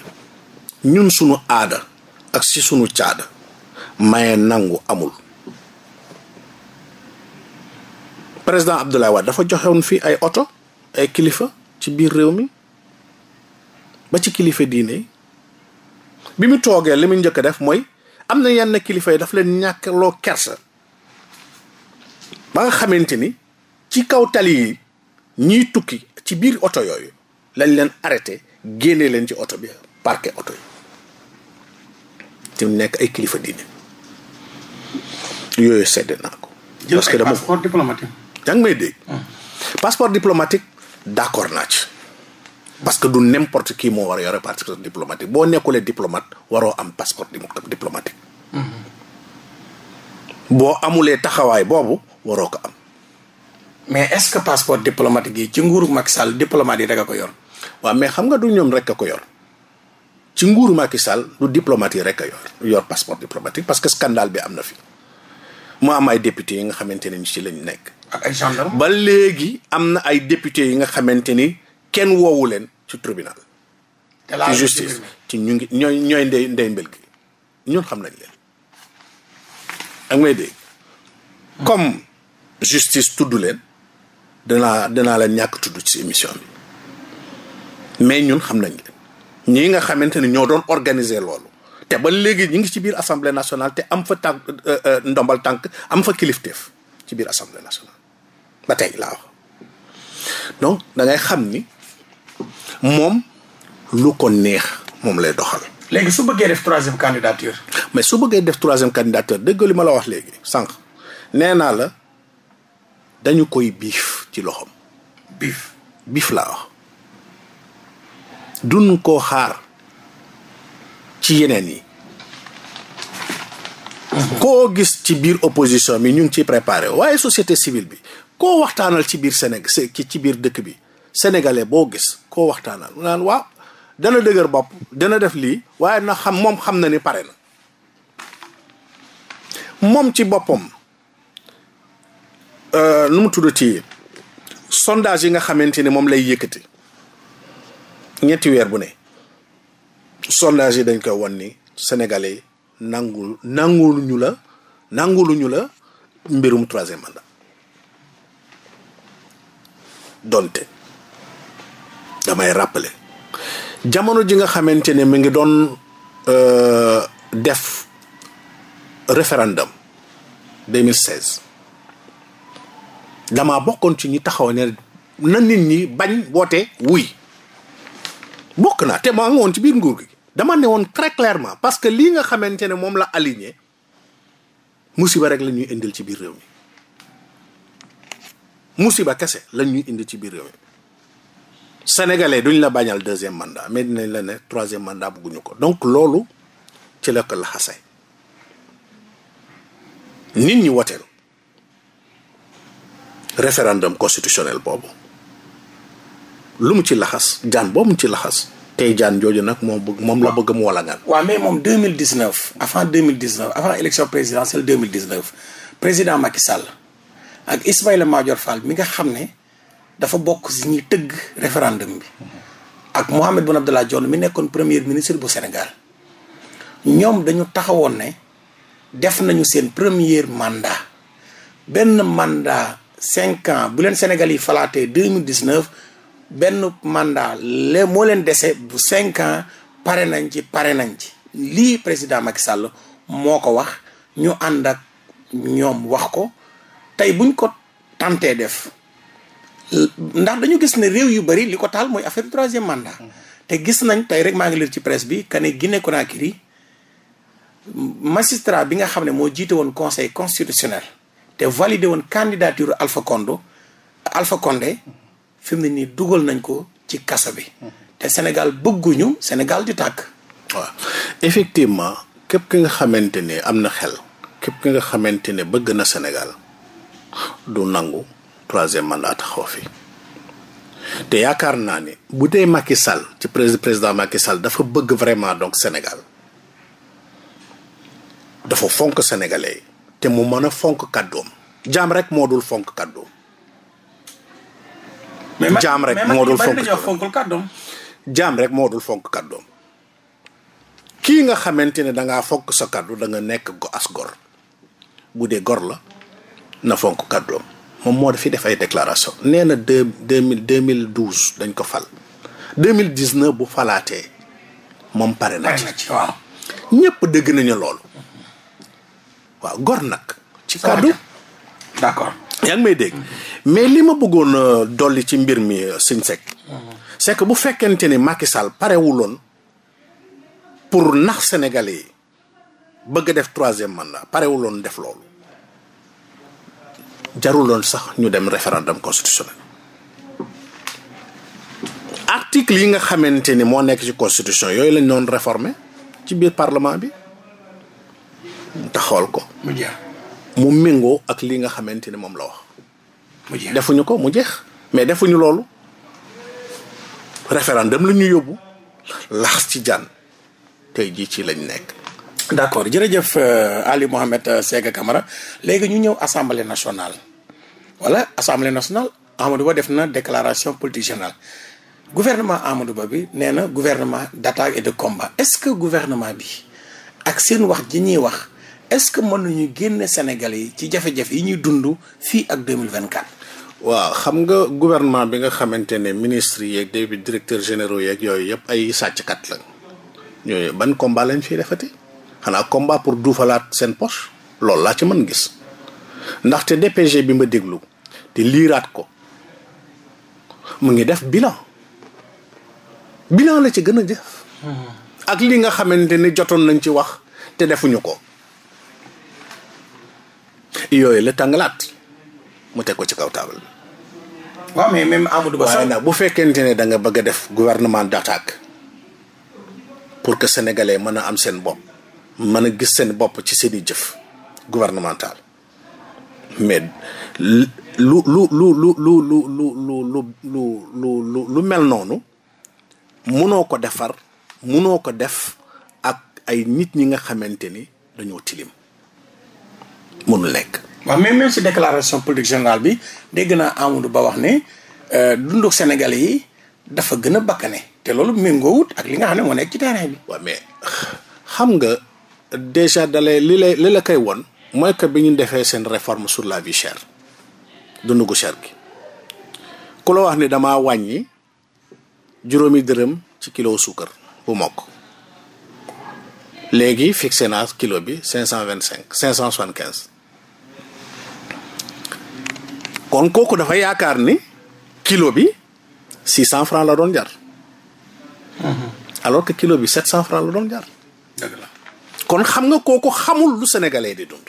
[SPEAKER 2] ñun sunu aada ak si sunu caada maye nangu amul président Abdoulaye Wade dafa joxewoon fii ay oto ay kilifa ci biir réew mi ba ci kilifa diine bi mu toogee li njëkk a def mooy am na yenn kilifa yi daf leen ñàkkloo kersa ba nga xamante ni ci kaw tali yi ñiy tukki ci biir oto yooyu lañ leen arrêté génne leen ci oto bi parqué oto yi te mu nekk ay kilifa diine yooyu sedd naa ko. parce que dama passeport diplomatique. yaa ngi may dégg. Ah. passeport diplomatique d'accord naa ci. parce que du n'importe qui moo war a yore passeport diplomatique boo nekkulee diplomate waroo am passeport diplomatique. Mm-hmm. boo amulee taxawaay boobu waroo ko am. mais est-ce que passeport diplomatique yi ci nguuru Macky Sall diplomate yi rek a ko yor. waaw mais xam nga du ñoom rek ko yor ci nguuru Macky Sall du diplomate yi rek a yor yor passeport diplomatique parce que scandale bi am na fi mu am ay député yi nga xamante ne ci lañ nekk. ak ba léegi am na ay député yi nga xamante ni kenn woowu leen ci tribunal. ci justice ci ñu ngi ñooy ñooy ndey ndey mbel gi ñun xam nañ leen. ak may dégg comme justice tudd leen danaa danaa la ñàkk tudd ci émission bi mais ñun xam nañ leen ñii nga xamante ni ñoo doon organiser loolu. te ba léegi ñu ngi ci biir assemblée nationale te am fa tànk euh, euh, ndombal tànk am fa kilifteef ci biir assemblée nationale ba tey laa wax donc da xam ni. moom lu ko neex moom lay doxal. léegi
[SPEAKER 1] su bëggee def troisième candidature.
[SPEAKER 2] mais su bëggee def troisième candidature dëgg li ma la wax léegi sànq nee naa la dañu koy biif ci loxoom. biif biif laa wax. duñ koo xaar ci yeneen yi. koo gis ci biir opposition bi ñu ngi ciy préparé waaye société civile bi koo waxtaanal ci biir Sénégal ci biir dëkk bi sénégalais boo gis koo waxtaanal mu naan waaw dana dëgër bopp dana def lii waaye na xam moom xam na ni pare na moom ci boppam euh, nu mu tudd tuddati sondage yi nga xamante ni moom lay yëkkati ñetti weer bu ne sondage yi dañ koy wan ni sénégalais yi nangul nanguluñu la nanguluñu la mbirum man mandat doonte damay rappeler jamono ji nga xamante ne mi ngi doon euh, def référendum 2016 damaa bokkoon ci ñi taxaw ne na nit ñi bañ woote wuy bokk naa te maa ngi woon ci biir nguur gi dama ne woon très clairement parce que lii nga xamante ne moom la aligné musiba rek lañuy indil ci biir réew mi musiba kese la ñuy indil ci biir réew mi sénégalais duñ la bañal deuxième mandat mais dinañ la ne troisième mandat bëgguñu ko donc loolu ci la ko la xase nit ñi woteel référendum constitutionnel boobu lu mu ci laxas jaan boobu mu ci laxas tey jaan jooju nag moom bëgg moom la bëgg mu wala ngaan waaw mais moom 2019 avant 2019 avant élection présidentielle 2019 président
[SPEAKER 1] Macky Sall ak Ismaïla Madior Fall mi nga xam ne dafa bokk si ñi tëgg référendum bi ak Mohamed Boun Abdallah Dionne mi nekkoon premier ministre bu senegal ñoom dañu taxawoon ne def nañu seen premier mandat benn mandat cinq ans bu leen senegal yi falaatee deux mille dix neuf benn mandat le moo leen dese bu cinq ans pare nañ ci pare nañ ci. lii président Macky Sall moo ko wax ñu ànd ak ñoom wax ko tey buñ ko tàntee def. ndax dañu gis ne réew yu bëri li ko taal mooy affaire troisième mandat. Mm-hmm. te gis nañ tey rek maa ngi lire ci presse bi que ne naa Conakry magistrat bi nga xam ne moo jiite woon conseil constitutionnel te validé woon candidature Alpha Condé Alpha Condé mm-hmm. fi ne nii dugal
[SPEAKER 2] nañ ko ci kaso bi. Mm-hmm. te Sénégal bëgguñu Sénégal di tàkk. waaw effectivement képp ki nga xamante ne am na xel képp ki nga xamante ne bëgg na Sénégal du nangu. troisième mandat taxaw fi te yaakaar naa ne bu dee Macky Sall ci président Macky Sall dafa bëgg vraiment donc Sénégal dafa fonk sénégalais te mu mën a fonk kàddoom jaam rek moo dul fonk kàddoom. jaam rek moo dul fonk kàddoom jaam rek moo fonk kàddoom. kii nga xamante ne da ngaa fonk sa kàddu danga nekk go as gor bu dee gor la na fonk kàddoom. moom moo fi def ay déclaration nee na deux deux mille deux mille douze dañ ko fal deux mille dix neuf bu falaatee moom pare na ci waaw ñëpp dégg nañu loolu waaw gor nag ci kàddu d'accord yaa ngi may dégg mais li ma bëggoon euh, dolli ci mbir mi euh, siñ Seck c'est bu fekkente ni Macky Sall parewuloon pour nax Sénégalais yi bëgg def troisième mandat parewuloon def loolu jaruloon sax ñu dem référendum constitutionnel article yi nga xamante ni moo nekk ci constitution yooyu lañ doon réformer ci biir parlement bi taxawal ko mu jeex mu méngoo ak lii nga xamante ni moom la wax mu defuñu ko mu jeex mais defuñu loolu référendum la ñu yóbbu lax ci jaan tey jii ci
[SPEAKER 1] lañ nekk d' accord jërëjëf euh, Ali Mohamed euh, Sega Camara léegi ñu ñëw assemblée nationale wala assemblée nationale Amadou Ba def na déclaration politique gouvernement Amadou Ba bi nee na gouvernement d' attaque et de combat est ce que gouvernement bi ak seen wax ji ñuy wax est ce que mën nañu génne Sénégal yi ci jafe-jafe yi ñuy dund fii ak 2024.
[SPEAKER 2] waaw xam nga gouvernement bi nga xamante ne ministre yeeg député directeur généraux yeeg yooyu yëpp ay sàcckat la ñooyu ban combat lañ fiy defati. xanaa combat pour duufalaat seen poche loolu laa ci mën gis ndaxte DPG bi ma déglu te liiraat ko mu ngi def bilan bilan la ci gën a def. ak li nga xamante ni jotoon nañ ci wax te defuñu ko. yooyu la tàngalaat mu teg ko ci kaw taabal bi. même Amadou Ba. waaye nag bu fekkente ne da nga bëgg a def guvernement d'attaque pour que sénégalais mën a am seen bopp. mën a gis seen bopp ci seen i jëf gouvernemental mais lu lu lu lu lu lu lu lu lu lu lu mel noonu munoo ko defar munoo ko def ak ay nit ñi nga xamante ni dañoo tilim mënul nekk. waaw mais
[SPEAKER 1] même si déclaration politique générale bi dégg naa Amadou Ba wax ne dundu Sénégalais yi
[SPEAKER 2] dafa gën a bakkane te loolu méngoowut ak li nga xam ne moo nekk ci terrain bi. waaw mais xam nga. déjà dalay li lay li la koy won mooy que bi ñu defee seen réforme sur la vie chère dund gu cher gi ku la wax ni damaa wàññi juróomi dërëm ci kilo suukar bu mokk léegi fixé naa kilo bi cinq cent vingt cinq cinq cent soixante quinze kon kooku dafa yaakaar ni kilo bi six cent francs la doon jar mhm. alors que kilo bi sept cent francs la doon jar kon xam nga kooku xamul lu sénégalais di dund.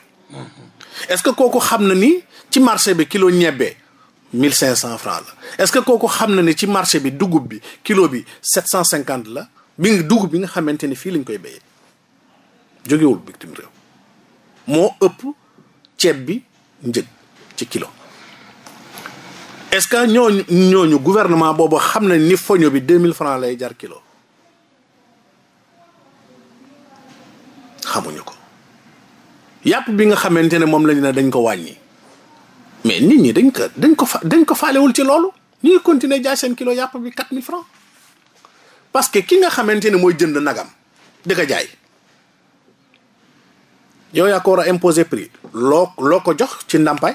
[SPEAKER 2] est-ce que kooku xam na ni ci marché bi kilo ñebbe mille cinq cent francs la ce que kooku xam na ni ci marché bi dugub bi kilo bi sept cent cinquante la bi nga dugub bi nga xamante ni fii lañ koy béyee jógewul bitim réew moo ëpp ceeb bi njëg ci kilo est-ce que ñooñu ñooñu gouvernement boobu xam na ni foño bi deux mille francs lay jar kilo. yàpp bi nga xamante ne moom lañ na dañ ko wàññi mais nit ñi dañ ko dañ ko fa dañ ko faalewul ci loolu ñu ngi continuer jaay seen kilo yàpp bi 4000 francs parce que ki nga xamante ne mooy jënd nagam di ko jaay yow yaa a imposer prix loo loo ko jox ci ndàmpaay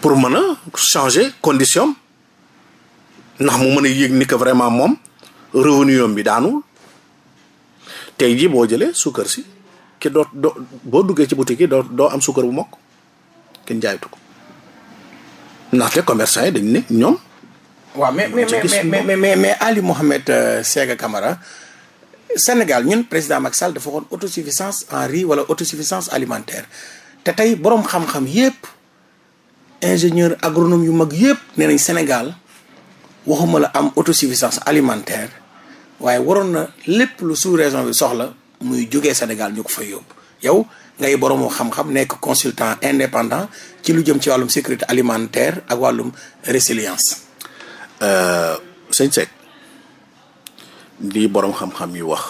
[SPEAKER 2] pour mën a changer condition ndax mu mën a yëg ni ko vraiment moom revenu yom bi daanul tey jii boo jëlee suukar si ke doo doo boo duggee ci boutique yi doo doo am suukar bu mokk kenn jaaytu ko ndaxte commerçant yi dañ ne ñoom.
[SPEAKER 1] waaw mais mais mais
[SPEAKER 2] mais mais Ali Mohamed euh, Sega
[SPEAKER 1] Camara Sénégal ñun président Macky Sall dafa waxoon autosuffisance en riz wala autosuffisance alimentaire te tey borom xam-xam yépp ingénieur agronome yu mag yépp nee nañ Sénégal waxuma la am autosuffisance alimentaire. waaye waroon na lépp lu sous région bi soxla muy jógee Sénégal ñu ko fay yóbbu yow ngay boroomu xam-xam nekk consultant indépendant ci lu jëm ci wàllum sécurité alimentaire ak wàllum
[SPEAKER 2] résilience. Euh, sëñ Seck lii borom xam-xam yi wax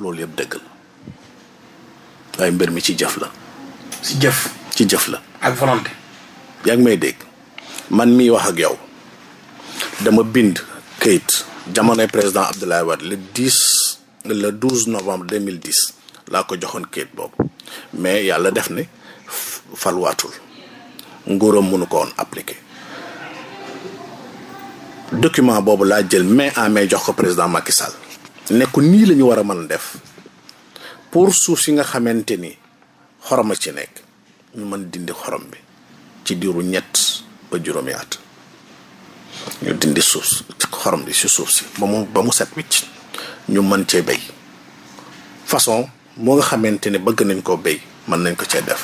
[SPEAKER 2] loolu yëpp dëgg la waaye mbir mi ci jëf la. ci jëf. ci jëf la. ak volonté. yaa ngi may dégg man miy wax ak yow dama bind kayit. jamonoy président Abdoulaye Wade le 10 le 12 novembre 2010 laa ko joxoon kayit boobu mais yàlla def ne falwaatul nguuram mënu ko woon appliqué document boobu laa jël mais en mais jox ko président Macky Sall nekku nii lañu ñu war a mën a def pour suuf si nga xamante ni xoroma ci nekk ñu mën dindi xorom bi ci diiru ñett ba juróomi at ñu dindi suuf xorom bi si suuf si ba mu ba mu set wicc ñu mën cee béy façon moo nga xamante ne bëgg nañ koo béy mën nañ ko cee def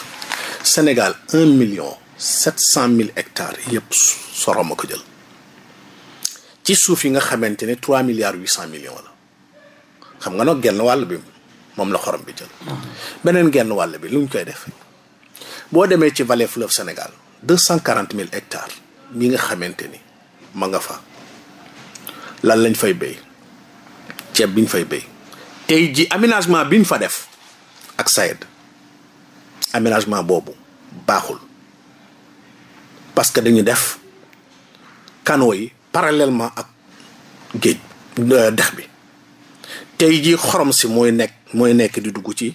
[SPEAKER 2] Sénégal un million sept cent mille hectares yëpp sorom a ko jël ci suuf yi nga xamante ne trois milliards huit cent millions la xam nga nag genn wàll bi moom la xorom bi jël.
[SPEAKER 3] Mm-hmm.
[SPEAKER 2] beneen genn wàll bi lu koy def boo demee ci vallée fleuve Sénégal deux cent quarante mille hectares mi nga xamante ni. ma nga fa lan lañ fay béy ceeb biñ fay béy tey ji aménagement biñ fa def ak SAED aménagement boobu baaxul parce que dañu def canaux yi parallèlement ak géej euh, dex bi tey ji xorom si mooy nekk mooy nekk di dugg ci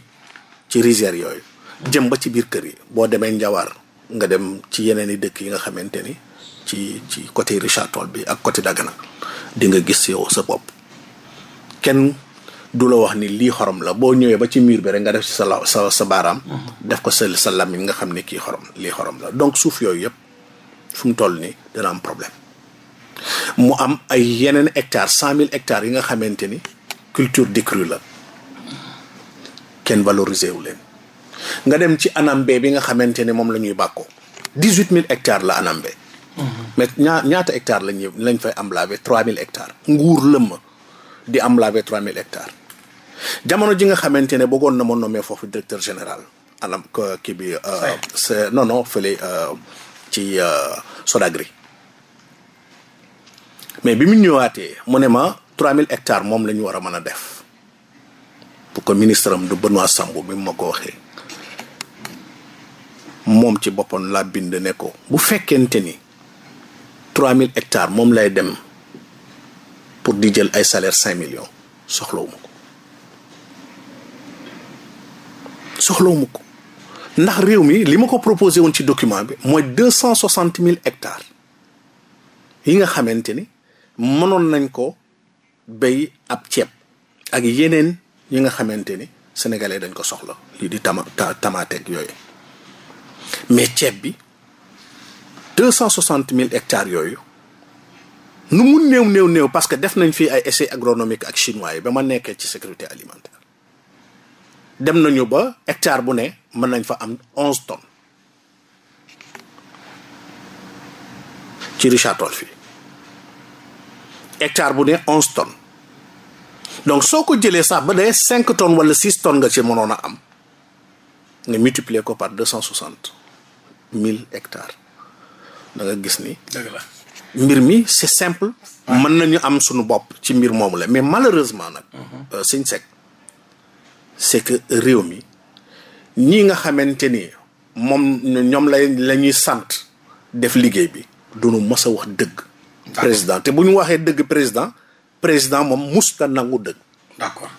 [SPEAKER 2] ci rizières yooyu jëm ba ci biir kër yi boo demee njawaar nga dem ci yeneen i dëkk yi nga xamante ni ci ci côté Richard tool bi ak côté Dagana di nga gis yow sa bopp kenn du la wax ni lii xorom la boo ñëwee ba ci miir bi rek nga def ci sa la sa sa baaraam mhm. def ko sa sa làmmiñ nga xam ne kii xorom lii xorom la donc suuf yooyu yëpp fu mu toll nii dina am problème mu am ay yeneen hectares cent mille hectares yi nga xamante ni culture décrue la kenn valoriser wu leen nga dem ci Anambé bi nga xamante ne moom la ñuy bàkkoo dix huit mille hectares la Anambé mais ñaa ñaata hectares lañ ñu lañ fay emblavé 3000 hectares. nguur lëmm di am emblavé mille hectares jamono ji nga xamante ne bëggoon na ma nommer foofu directeur général anam kii bi. nono euh, non non fële euh, ci euh, Sodagri mais bi mu ñëwaatee mu ne ma 3000 hectares moom la ñu war a mën a def bu ko ministre am du Benoît Sambou bi mu ma ko waxee moom ci boppam laa bind ne ko bu fekkente ni. trois mille hectare moom lay dem pour di jël ay salaire cinq millions soxlawuma ko ko ndax réew mi li ma ko proposé woon ci document bi mooy deux cent soixante mille hectares yi nga xamante ni mënoon nañ ko béy ab ceeb ak yeneen yi nga xamante ni sénégalais dañ ko soxla lii di tama tamaateeg yooyu mais ceeb bi deux cent soixante mille hectares yooyu nu mu néew néew néew parce que def nañ fii ay essais agronomique ak chinois yi ba ma nekkee ci sécurité alimentaire dem nañu ba hectare bu ne mën nañ fa am onze tonnes ci Richard Toll fii hectare bu ne onze tonnes donc soo ko jëlee sax ba dee cinq tonnes wala six tonnes nga ci mënoon a am nga multiplier ko par deux cent soixante mille hectares da gis ni. dëgg mbir mi c'est simple. mën nañu am suñu bopp ci mbir moomu la mais malheureusement nag. Mhm. Euh, Sëñ Seck c'est que réew mi ñii nga xamante ni moom ñoom lay la ñuy sant def liggéey bi. duñu mës a wax dëgg. président te bu ñu waxee dëgg président président moom musta nangu dëgg. d'accord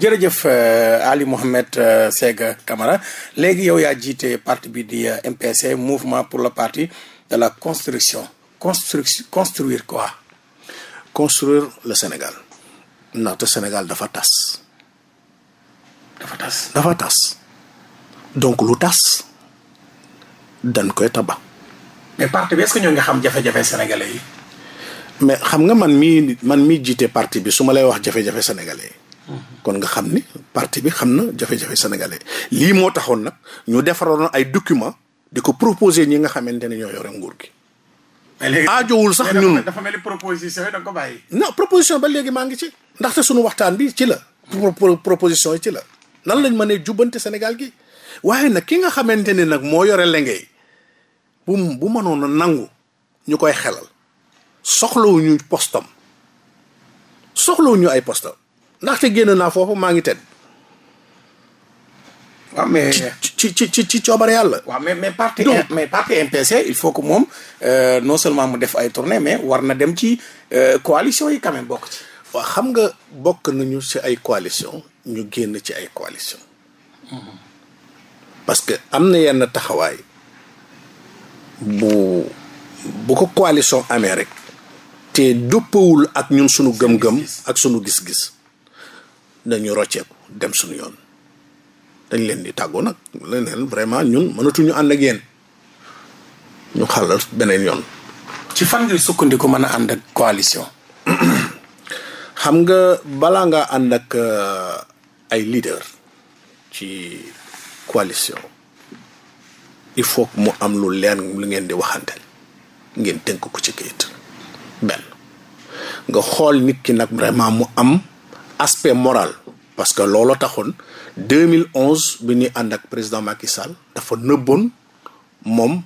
[SPEAKER 2] jërëjëf euh, Ali Mohamed euh, Sega Camara léegi
[SPEAKER 1] yow yaa jiite parti bi di MPC mouvement pour le partie de la construction
[SPEAKER 2] construction quoi construire le Sénégal ndaxte Sénégal dafa tas. dafa tas dafa tas. donc lu tas dan koy tabax. mais parti bi est-ce que ñoo xam jafe-jafe sénégalais yi. mais xam nga man mii man mii jiite parti bi su ma lay wax jafe-jafe sénégalais yi. kon nga xam ni parti bi xam na jafe-jafe sénégalais lii moo taxoon nag ñu defaroon ay documents. di ko proposer ñi nga xamante ne ñoo yore nguur gi. aajowul sax ñun dafa
[SPEAKER 1] mel ni proposition yi ko bàyyi.
[SPEAKER 2] non proposition ba léegi maa ngi ci. ndaxte suñu waxtaan bi ci la. proposition yi ci la. nan lañ mënee jubbante Sénégal gi waaye nag ki nga xamante ne nag moo yore lengey bu bu mënoon nangu ñu koy xelal soxlawuñu postam soxlawuñu ay postam ndaxte génn naa foofu maa ngi tedd waaw mais ci ci
[SPEAKER 1] ci ci coobare yàlla. waaw mais mais parti mais parti MPC il faut que moom euh, non seulement mu def
[SPEAKER 2] ay tournée mais war na dem ci euh, coalition yi quand bokk ci. waaw xam nga bokk nañu ci ay coalition ñu génn ci ay coalition parce que am na yenn taxawaay bu bu ko coalition amee rek. te duppowul ak ñun sunu gëm-gëm. ak sunu gis-gis. nañu rocceeku dem sunu yoon. dañ leen di tàggoo nag leneen vraiment ñun mënatuñu ànd ak yéen ñu xàllal beneen yoon. ci fan ngay sukkandiku mën a ànd ak coalition. xam nga balaa nga ànd ak euh, ay leader ci coalition il faut que mu am lu leer lu ngeen di waxante ngeen tënk ko ci kayit benn nga xool nit ki nag vraiment mu am aspect moral. parce que looloo taxoon 2011 bi ñuy ànd ak président Macky Sall dafa nëbboon moom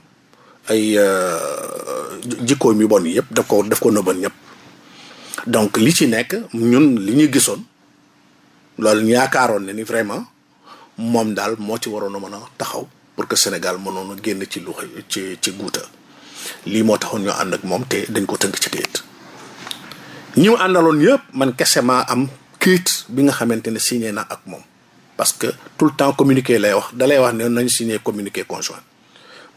[SPEAKER 2] ay euh, jikkoom yu bon yëpp daf ko daf ko nëbboon ñëpp donc li ci nekk ñun li ñu gisoon loolu ñu yaakaaroon ne ni vraiment moom daal moo ci waroon a mën a taxaw pour que Sénégal mënoon a génn ci lu ci ci guuta lii moo taxoon ñoo ànd ak moom te dañ ko tënk ci kayit ñi mu àndaloon yëpp man kese maa am. këyit bi nga xamante ne signé na ak moom parce que tout le temps communiqué lay wax dalay wax ne nañ signé communiqué conjoint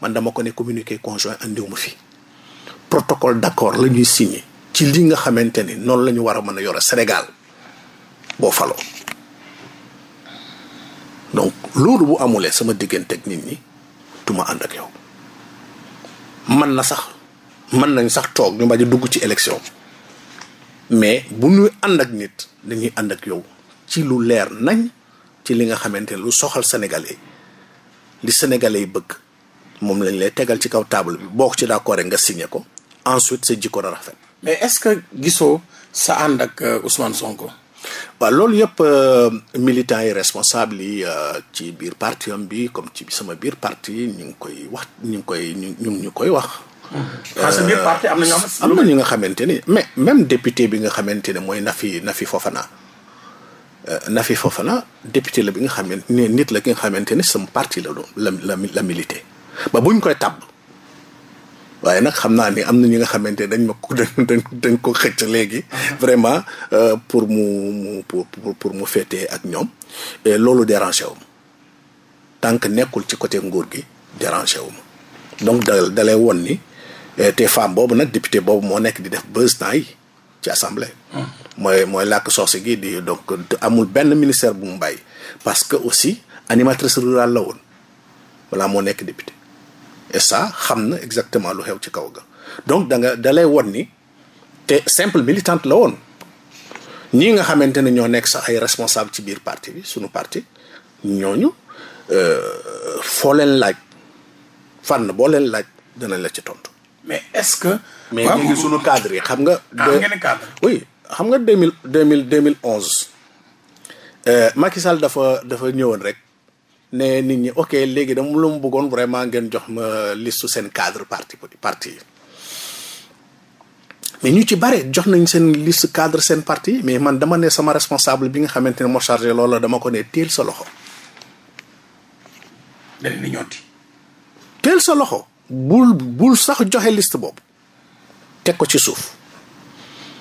[SPEAKER 2] man dama ko ne communiqué conjoint andiwuma fi protocole d'accord la ñuy signé ci li nga xamante ni noonu la ñu war a mën a yore Sénégal boo faloo donc loolu bu amulee sama diggante ak nit ñi duma ànd ak yow man na sax mën nañ sax toog ñu bañ a dugg ci élection mais bu ñu ànd ak nit dañuy ànd ak yow ci lu leer nañ ci li nga xamante ne lu soxal sénégalais li sénégalais yi bëgg moom lañ lay tegal ci kaw table bi boo ko ci d'accord rek nga signé ko ensuite sa jikko na rafet. mais est-ce que gisoo sa ànd ak euh, Ousmane Sonko. waa loolu yëpp euh, militants yi responsable yi euh, ci biir parti am bi comme ci sama biir partie ñu ngi koy wax ñu ngi koy ñu ñu koy wax
[SPEAKER 3] parce que biir am na ñoo xam. am na ñu
[SPEAKER 2] nga xamante ni mais même député bi nga xamante ne mooy Nafi Nafi naa euh, Nafi foofa Fofana député la bi nga xamante ne nit la ki nga xamante ne sam parti la doon la la la milité ba ñu koy tàbb. waaye nag xam naa ni am na ñi nga xamante dañ ma ko dañ dañ ko xëcc léegi. Uh-huh. vraiment euh, pour mu mu pour mu féetee ak ñoom. loolu dérangé wu ma nekkul ci côté nguur gi dérangé wu ma donc da dalay won ni Eh, te femme boobu nag député boobu moo nekk di def buzz temps yi ci assemblée. Hmm. mooy mooy làkk soose gi di donc amul benn ministère bu mu bàyyi. parce que aussi animatrice rurale la woon balaa moo nekk député et sa xam na exactement lu xew ci kaw ga donc da nga da lay won ni te simple militante la woon nii nga xamante ne ñoo nekk sax ay responsable ci biir parti bi suñu parti ñooñu euh, foo leen laaj fànn boo leen laaj danañ la ci tontu. mais est-ce que. mais léegi sunu cadre yi xam nga. ah xam nga deux mille deux mille deux mille onze. Euh, Macky Sall dafa dafa ñëwoon rek ne nit ñi ok léegi dama lu mu bëggoon vraiment ngeen jox ma listu seen cadre parti parti mais ñu ci bare jox nañ seen liste cadre seen parti mais man dama ne sama responsable bi nga xamante ne moo chargé loola dama ko ne teel sa loxo. dañ ni sa loxo. bul bul sax joxe liste boobu teg ko ci suuf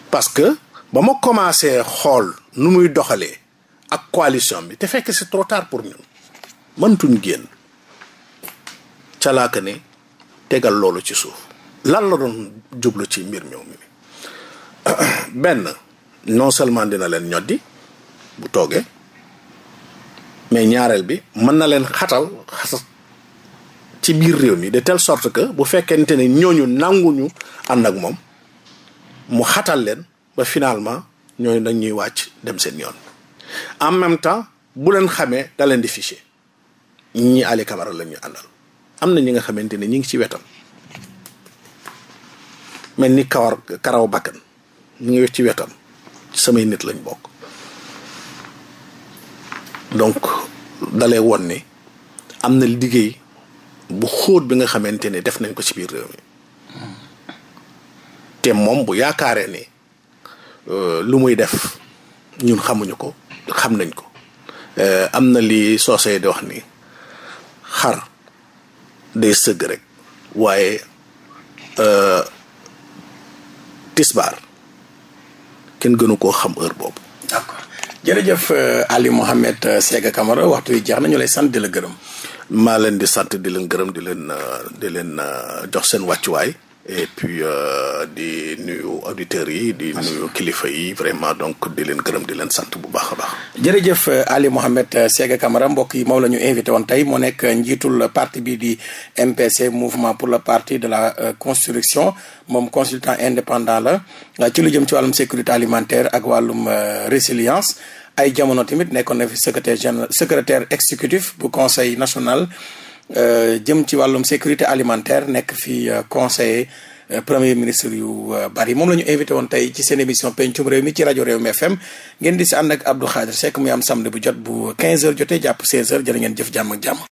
[SPEAKER 2] parce que ba ma commencé xool nu muy doxalee ak coalition bi te fekk si trop tard pour ñun mëntuñ génn ca laa ne tegal loolu ci suuf lan la doon jublu ci mbir ñëw mi benn non seulement dina leen ñoddi bu toogee mais ñaareel bi mën na leen xatal xatal ci biir réew mi de telle sorte que bu fekkente ni ñooñu nanguñu ànd ak moom mu xatal leen ba finalement ñooñu dañ ñuy wàcc dem seen yoon en même temps bu leen xamee da leen di fiché ñi Ali Camara la àndal am na ñi nga xamante ne ñi ngi ci wetam mel ni kawar karaw bakkan ñu ngi ci wetam samay nit lañ bokk donc dalee woon ni am na liggéey bu xóot bi nga xamante ne def nañ ko ci biir réew mi te moom bu yaakaaree ne euh, lu muy def ñun xamuñu ko xam nañ ko euh, am na li soosee di wax ni xar day sëgg rek waaye euh, tisbaar kenn gënu koo xam heure boobu d'accord
[SPEAKER 1] jërëjëf Aliou Mouhamed
[SPEAKER 2] Sega Camara waxtu yi jeex na ñu lay sant di la gërëm maa leen di sant di leen gërëm di leen euh, di leen euh, jox seen wàccuwaay. et euh, di nuyu auditeurs yi di nuyu kilifa yi vraiment donc di leen gërëm di leen sant bu baax a baax.
[SPEAKER 1] jërëjëf Ali Mohamed Sega Camara mbokk yi moom la ñu invité woon tey mu nekk njiitul parti bi di MPC mouvement pour le parti de la construction moom consultant indépendant la ci lu jëm ci wàllum sécurité alimentaire ak wàllum résilience. ay jamono tamit nekkoon na fi secrétaire général secrétaire exécutif bu conseil national euh, jëm ci wàllum sécurité alimentaire nekk fi euh, conseil euh, premier ministre yu bari moom la ñu invité woon tey ci seen émission pencum réew mi ci rajo réew mi FM ngeen di si ànd ak Abdou Khadre Seck muy am samedi bu jot bu 15h jotee jàpp 16h jërë ngeen jëf jàmm ak jàmm.